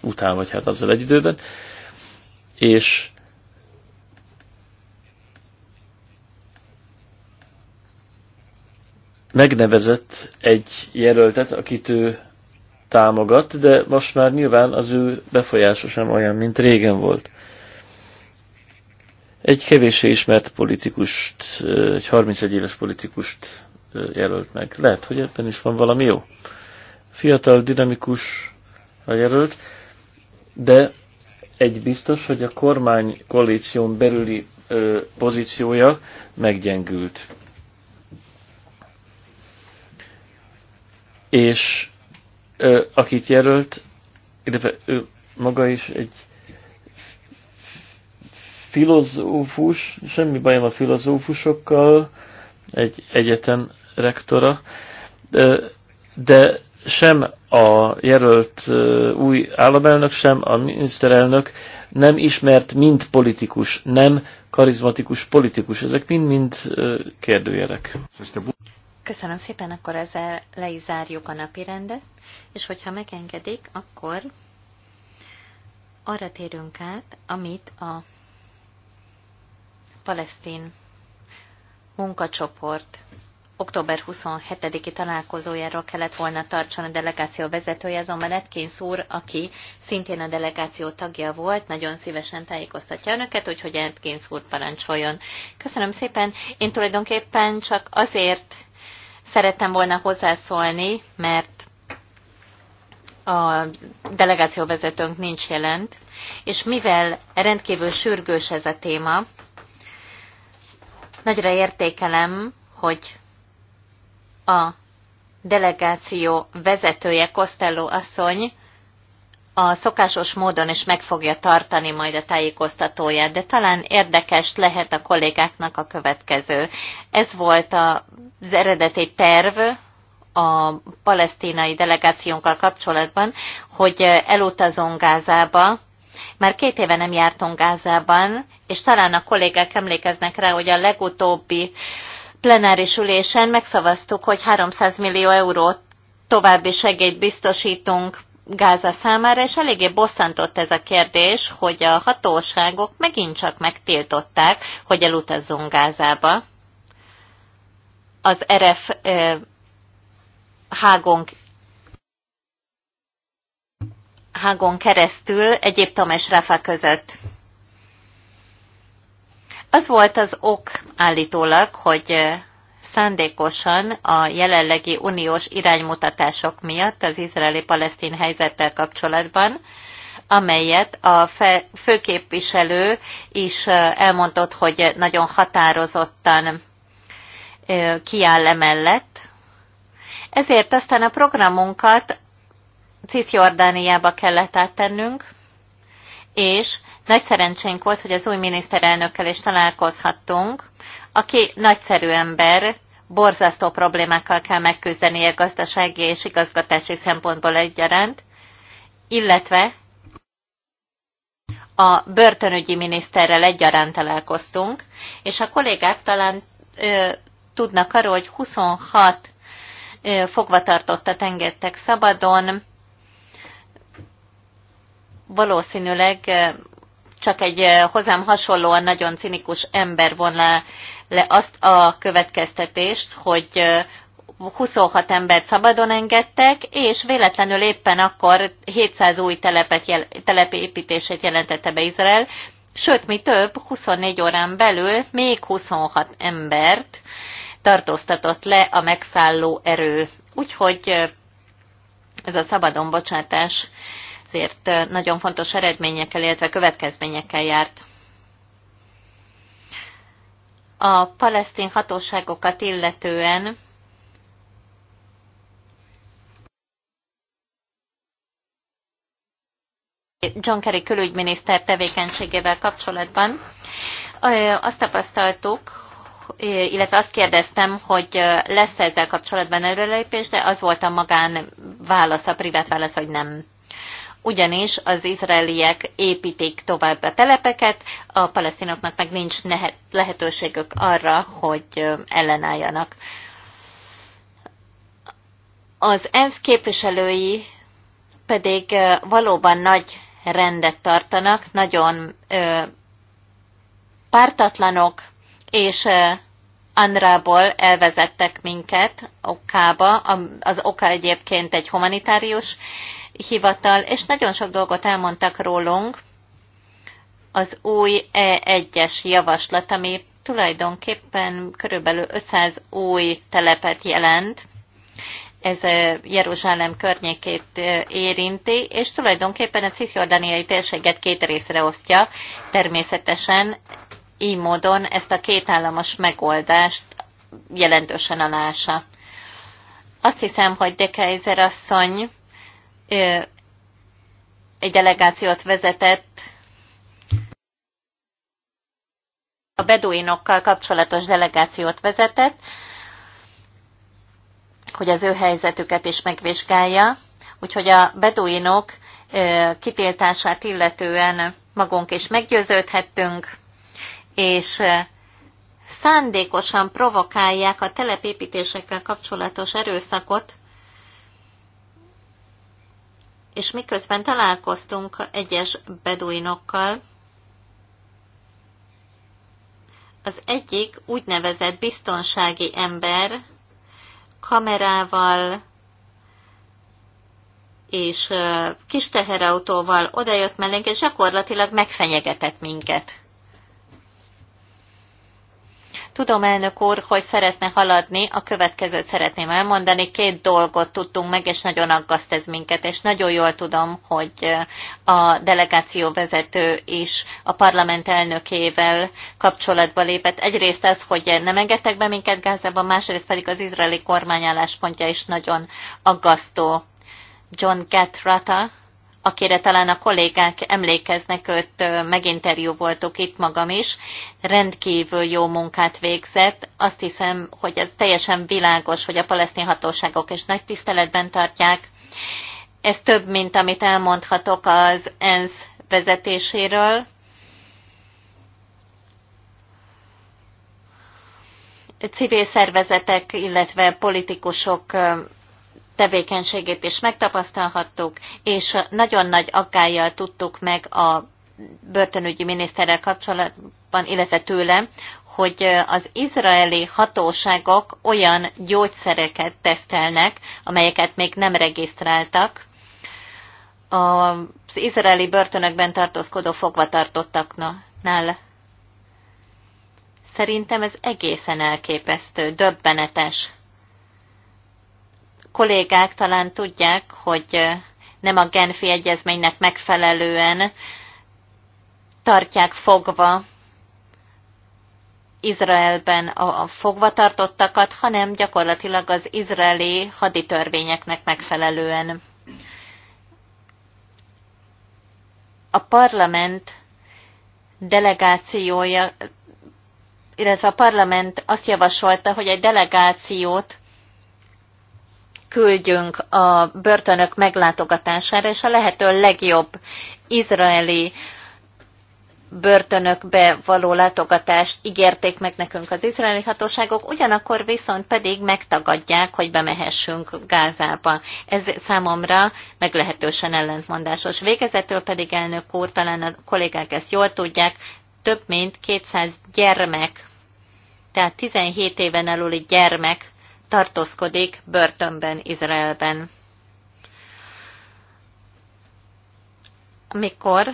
után, vagy hát azzal egy időben, és megnevezett egy jelöltet, akit ő támogat, de most már nyilván az ő befolyása sem olyan, mint régen volt. Egy kevéssé ismert politikust, egy 31 éves politikust jelölt meg. Lehet, hogy ebben is van valami jó. Fiatal, dinamikus a jelölt, de egy biztos, hogy a kormány koalíción belüli ö, pozíciója meggyengült. És ö, akit jelölt, illetve ő maga is egy filozófus, semmi bajom a filozófusokkal, egy egyetem rektora, de sem a jelölt új államelnök, sem a miniszterelnök nem ismert mind politikus, nem karizmatikus politikus. Ezek mind-mind kérdőjelek. Köszönöm szépen, akkor ezzel le is zárjuk a napi rendet, és hogyha megengedik, akkor arra térünk át, amit a palesztin munkacsoport október 27-i találkozójáról kellett volna tartson a delegáció vezetője, azonban Atkins Szúr, aki szintén a delegáció tagja volt, nagyon szívesen tájékoztatja önöket, úgyhogy Atkins Szúr parancsoljon. Köszönöm szépen. Én tulajdonképpen csak azért szerettem volna hozzászólni, mert a delegációvezetőnk nincs jelent, és mivel rendkívül sürgős ez a téma, Nagyra értékelem, hogy a delegáció vezetője, Costello asszony, a szokásos módon is meg fogja tartani majd a tájékoztatóját, de talán érdekes lehet a kollégáknak a következő. Ez volt az eredeti terv a palesztinai delegációnkkal kapcsolatban, hogy elutazunk Gázába, már két éve nem jártunk Gázában, és talán a kollégák emlékeznek rá, hogy a legutóbbi plenáris ülésen megszavaztuk, hogy 300 millió eurót további segélyt biztosítunk Gáza számára, és eléggé bosszantott ez a kérdés, hogy a hatóságok megint csak megtiltották, hogy elutazzunk Gázába. Az RF hágon Hágon keresztül Egyiptom és Rafa között. Az volt az ok állítólag, hogy szándékosan a jelenlegi uniós iránymutatások miatt az izraeli-palesztin helyzettel kapcsolatban, amelyet a főképviselő is elmondott, hogy nagyon határozottan kiáll emellett. Ezért aztán a programunkat Cisjordániába kellett áttennünk, és nagy szerencsénk volt, hogy az új miniszterelnökkel is találkozhattunk, aki nagyszerű ember, borzasztó problémákkal kell megküzdenie gazdasági és igazgatási szempontból egyaránt, illetve a börtönügyi miniszterrel egyaránt találkoztunk, és a kollégák talán ö, tudnak arról, hogy 26 ö, fogvatartottat engedtek szabadon, valószínűleg csak egy hozzám hasonlóan nagyon cinikus ember vonná le azt a következtetést, hogy 26 embert szabadon engedtek, és véletlenül éppen akkor 700 új telepet, telepépítését jelentette be Izrael, sőt, mi több, 24 órán belül még 26 embert tartóztatott le a megszálló erő. Úgyhogy ez a szabadon bocsátás ezért eh, nagyon fontos eredményekkel, illetve következményekkel járt. A palesztin hatóságokat illetően John Kerry külügyminiszter tevékenységével kapcsolatban azt tapasztaltuk, illetve azt kérdeztem, hogy lesz -e ezzel kapcsolatban előrelépés, de az volt a magán válasz, a privát válasz, hogy nem ugyanis az izraeliek építik tovább a telepeket, a palesztinoknak meg nincs lehetőségük arra, hogy ellenálljanak. Az ENSZ képviselői pedig valóban nagy rendet tartanak, nagyon pártatlanok, és Andrából elvezettek minket okába. Az oka egyébként egy humanitárius hivatal, és nagyon sok dolgot elmondtak rólunk, az új E1-es javaslat, ami tulajdonképpen körülbelül 500 új telepet jelent, ez eh, Jeruzsálem környékét eh, érinti, és tulajdonképpen a cisziordániai térséget két részre osztja. Természetesen így módon ezt a kétállamos megoldást jelentősen alása. Azt hiszem, hogy de Kaiser asszony egy delegációt vezetett a beduinokkal kapcsolatos delegációt vezetett, hogy az ő helyzetüket is megvizsgálja. Úgyhogy a beduinok kitiltását illetően magunk is meggyőződhettünk, és szándékosan provokálják a telepépítésekkel kapcsolatos erőszakot, és miközben találkoztunk egyes beduinokkal, az egyik úgynevezett biztonsági ember kamerával és kis teherautóval odajött mellénk, és gyakorlatilag megfenyegetett minket. Tudom, elnök úr, hogy szeretne haladni, a következőt szeretném elmondani. Két dolgot tudtunk meg, és nagyon aggaszt ez minket, és nagyon jól tudom, hogy eh, a delegáció vezető is a parlament elnökével kapcsolatba lépett. Egyrészt az, hogy nem engedtek be minket Gázában, másrészt pedig az izraeli kormány álláspontja is nagyon aggasztó. John Gatrata, akire talán a kollégák emlékeznek, őt meginterjú voltuk itt magam is, rendkívül jó munkát végzett. Azt hiszem, hogy ez teljesen világos, hogy a palesztin hatóságok is nagy tiszteletben tartják. Ez több, mint amit elmondhatok az ENSZ vezetéséről. Civil szervezetek, illetve politikusok tevékenységét is megtapasztalhattuk, és nagyon nagy aggájjal tudtuk meg a börtönügyi miniszterrel kapcsolatban, illetve tőlem, hogy az izraeli hatóságok olyan gyógyszereket tesztelnek, amelyeket még nem regisztráltak, az izraeli börtönökben tartózkodó fogvatartottaknál. Szerintem ez egészen elképesztő, döbbenetes kollégák talán tudják, hogy nem a Genfi Egyezménynek megfelelően tartják fogva Izraelben a fogvatartottakat, hanem gyakorlatilag az izraeli haditörvényeknek megfelelően. A parlament delegációja, illetve a parlament azt javasolta, hogy egy delegációt küldjünk a börtönök meglátogatására, és a lehető legjobb izraeli börtönökbe való látogatást ígérték meg nekünk az izraeli hatóságok, ugyanakkor viszont pedig megtagadják, hogy bemehessünk Gázába. Ez számomra meglehetősen ellentmondásos. Végezetül pedig elnök úr, talán a kollégák ezt jól tudják, több mint 200 gyermek, tehát 17 éven aluli gyermek tartózkodik börtönben Izraelben. Amikor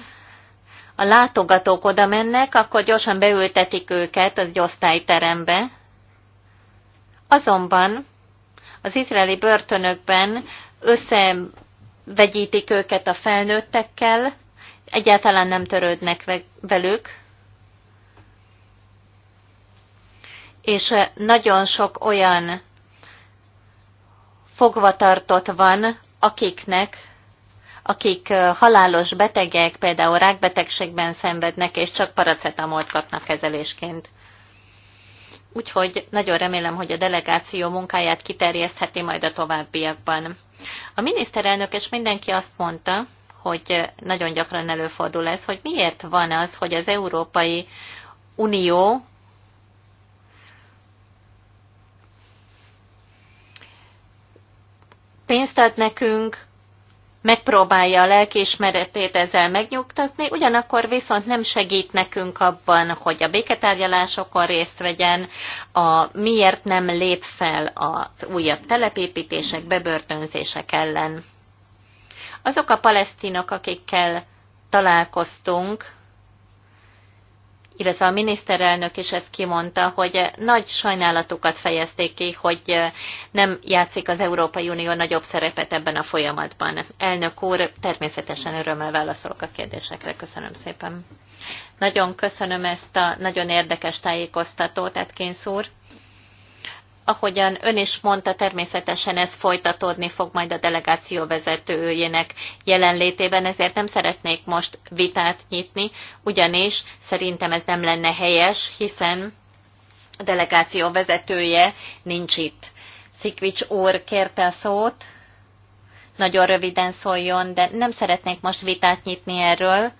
a látogatók oda mennek, akkor gyorsan beültetik őket az egy osztályterembe. Azonban az izraeli börtönökben összevegyítik őket a felnőttekkel, egyáltalán nem törődnek velük, és eh, nagyon sok olyan fogvatartott van, akiknek akik halálos betegek, például rákbetegségben szenvednek, és csak paracetamolt kapnak kezelésként. Úgyhogy nagyon remélem, hogy a delegáció munkáját kiterjesztheti majd a továbbiakban. A miniszterelnök és mindenki azt mondta, hogy nagyon gyakran előfordul ez, hogy miért van az, hogy az Európai Unió pénzt ad nekünk, megpróbálja a lelkiismeretét ezzel megnyugtatni, ugyanakkor viszont nem segít nekünk abban, hogy a béketárgyalásokon részt vegyen, a miért nem lép fel az újabb telepépítések, bebörtönzések ellen. Azok a palesztinok, akikkel találkoztunk, illetve a miniszterelnök is ezt kimondta, hogy nagy sajnálatukat fejezték ki, hogy nem játszik az Európai Unió nagyobb szerepet ebben a folyamatban. Elnök úr, természetesen örömmel válaszolok a kérdésekre. Köszönöm szépen. Nagyon köszönöm ezt a nagyon érdekes tájékoztatót, Atkins úr ahogyan ön is mondta, természetesen ez folytatódni fog majd a delegáció vezetőjének jelenlétében, ezért nem szeretnék most vitát nyitni, ugyanis szerintem ez nem lenne helyes, hiszen a delegáció vezetője nincs itt. Szikvics úr kérte a szót, nagyon röviden szóljon, de nem szeretnék most vitát nyitni erről.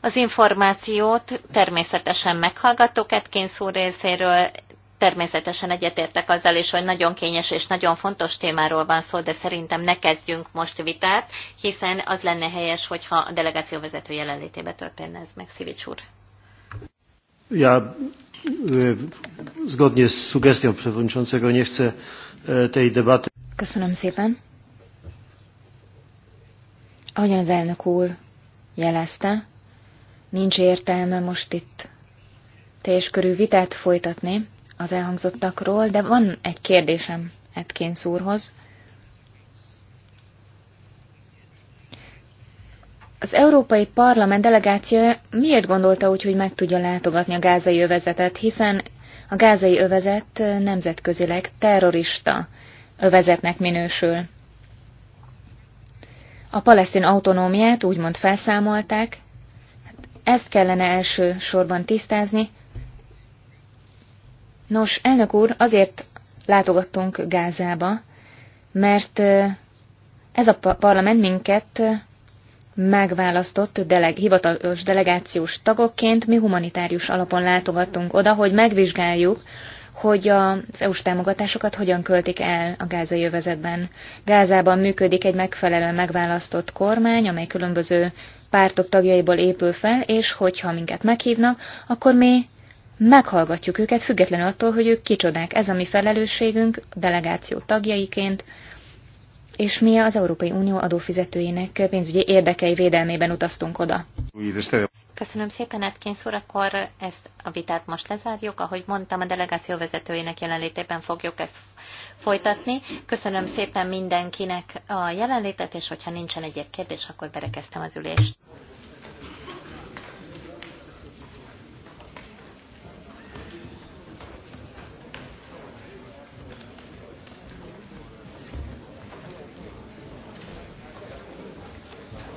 Az információt természetesen meghallgatok etkén úr részéről, Természetesen egyetértek azzal is, hogy nagyon kényes és nagyon fontos témáról van szó, de szerintem ne kezdjünk most vitát, hiszen az lenne helyes, hogyha a delegáció vezető jelenlétébe történne ez meg, Szivics úr. Ja, e, zgodnie z sugestią przewodniczącego nie chcę e, tej debaty. Köszönöm szépen. Ahogyan az elnök úr jelezte, nincs értelme most itt teljes körű vitát folytatni, az elhangzottakról, de van egy kérdésem Atkins szúrhoz. Az Európai Parlament delegáció miért gondolta úgy, hogy meg tudja látogatni a gázai övezetet, hiszen a gázai övezet nemzetközileg terrorista övezetnek minősül. A palesztin autonómiát úgymond felszámolták, ezt kellene elsősorban tisztázni, Nos, elnök úr, azért látogattunk Gázába, mert ez a parlament minket megválasztott deleg, hivatalos delegációs tagokként, mi humanitárius alapon látogattunk oda, hogy megvizsgáljuk, hogy az EU-s támogatásokat hogyan költik el a gázai övezetben. Gázában működik egy megfelelően megválasztott kormány, amely különböző pártok tagjaiból épül fel, és hogyha minket meghívnak, akkor mi meghallgatjuk őket, függetlenül attól, hogy ők kicsodák. Ez a mi felelősségünk delegáció tagjaiként, és mi az Európai Unió adófizetőinek pénzügyi érdekei védelmében utaztunk oda. Köszönöm szépen, Atkins úr, akkor ezt a vitát most lezárjuk. Ahogy mondtam, a delegáció vezetőjének jelenlétében fogjuk ezt folytatni. Köszönöm szépen mindenkinek a jelenlétet, és hogyha nincsen egyéb kérdés, akkor berekeztem az ülést.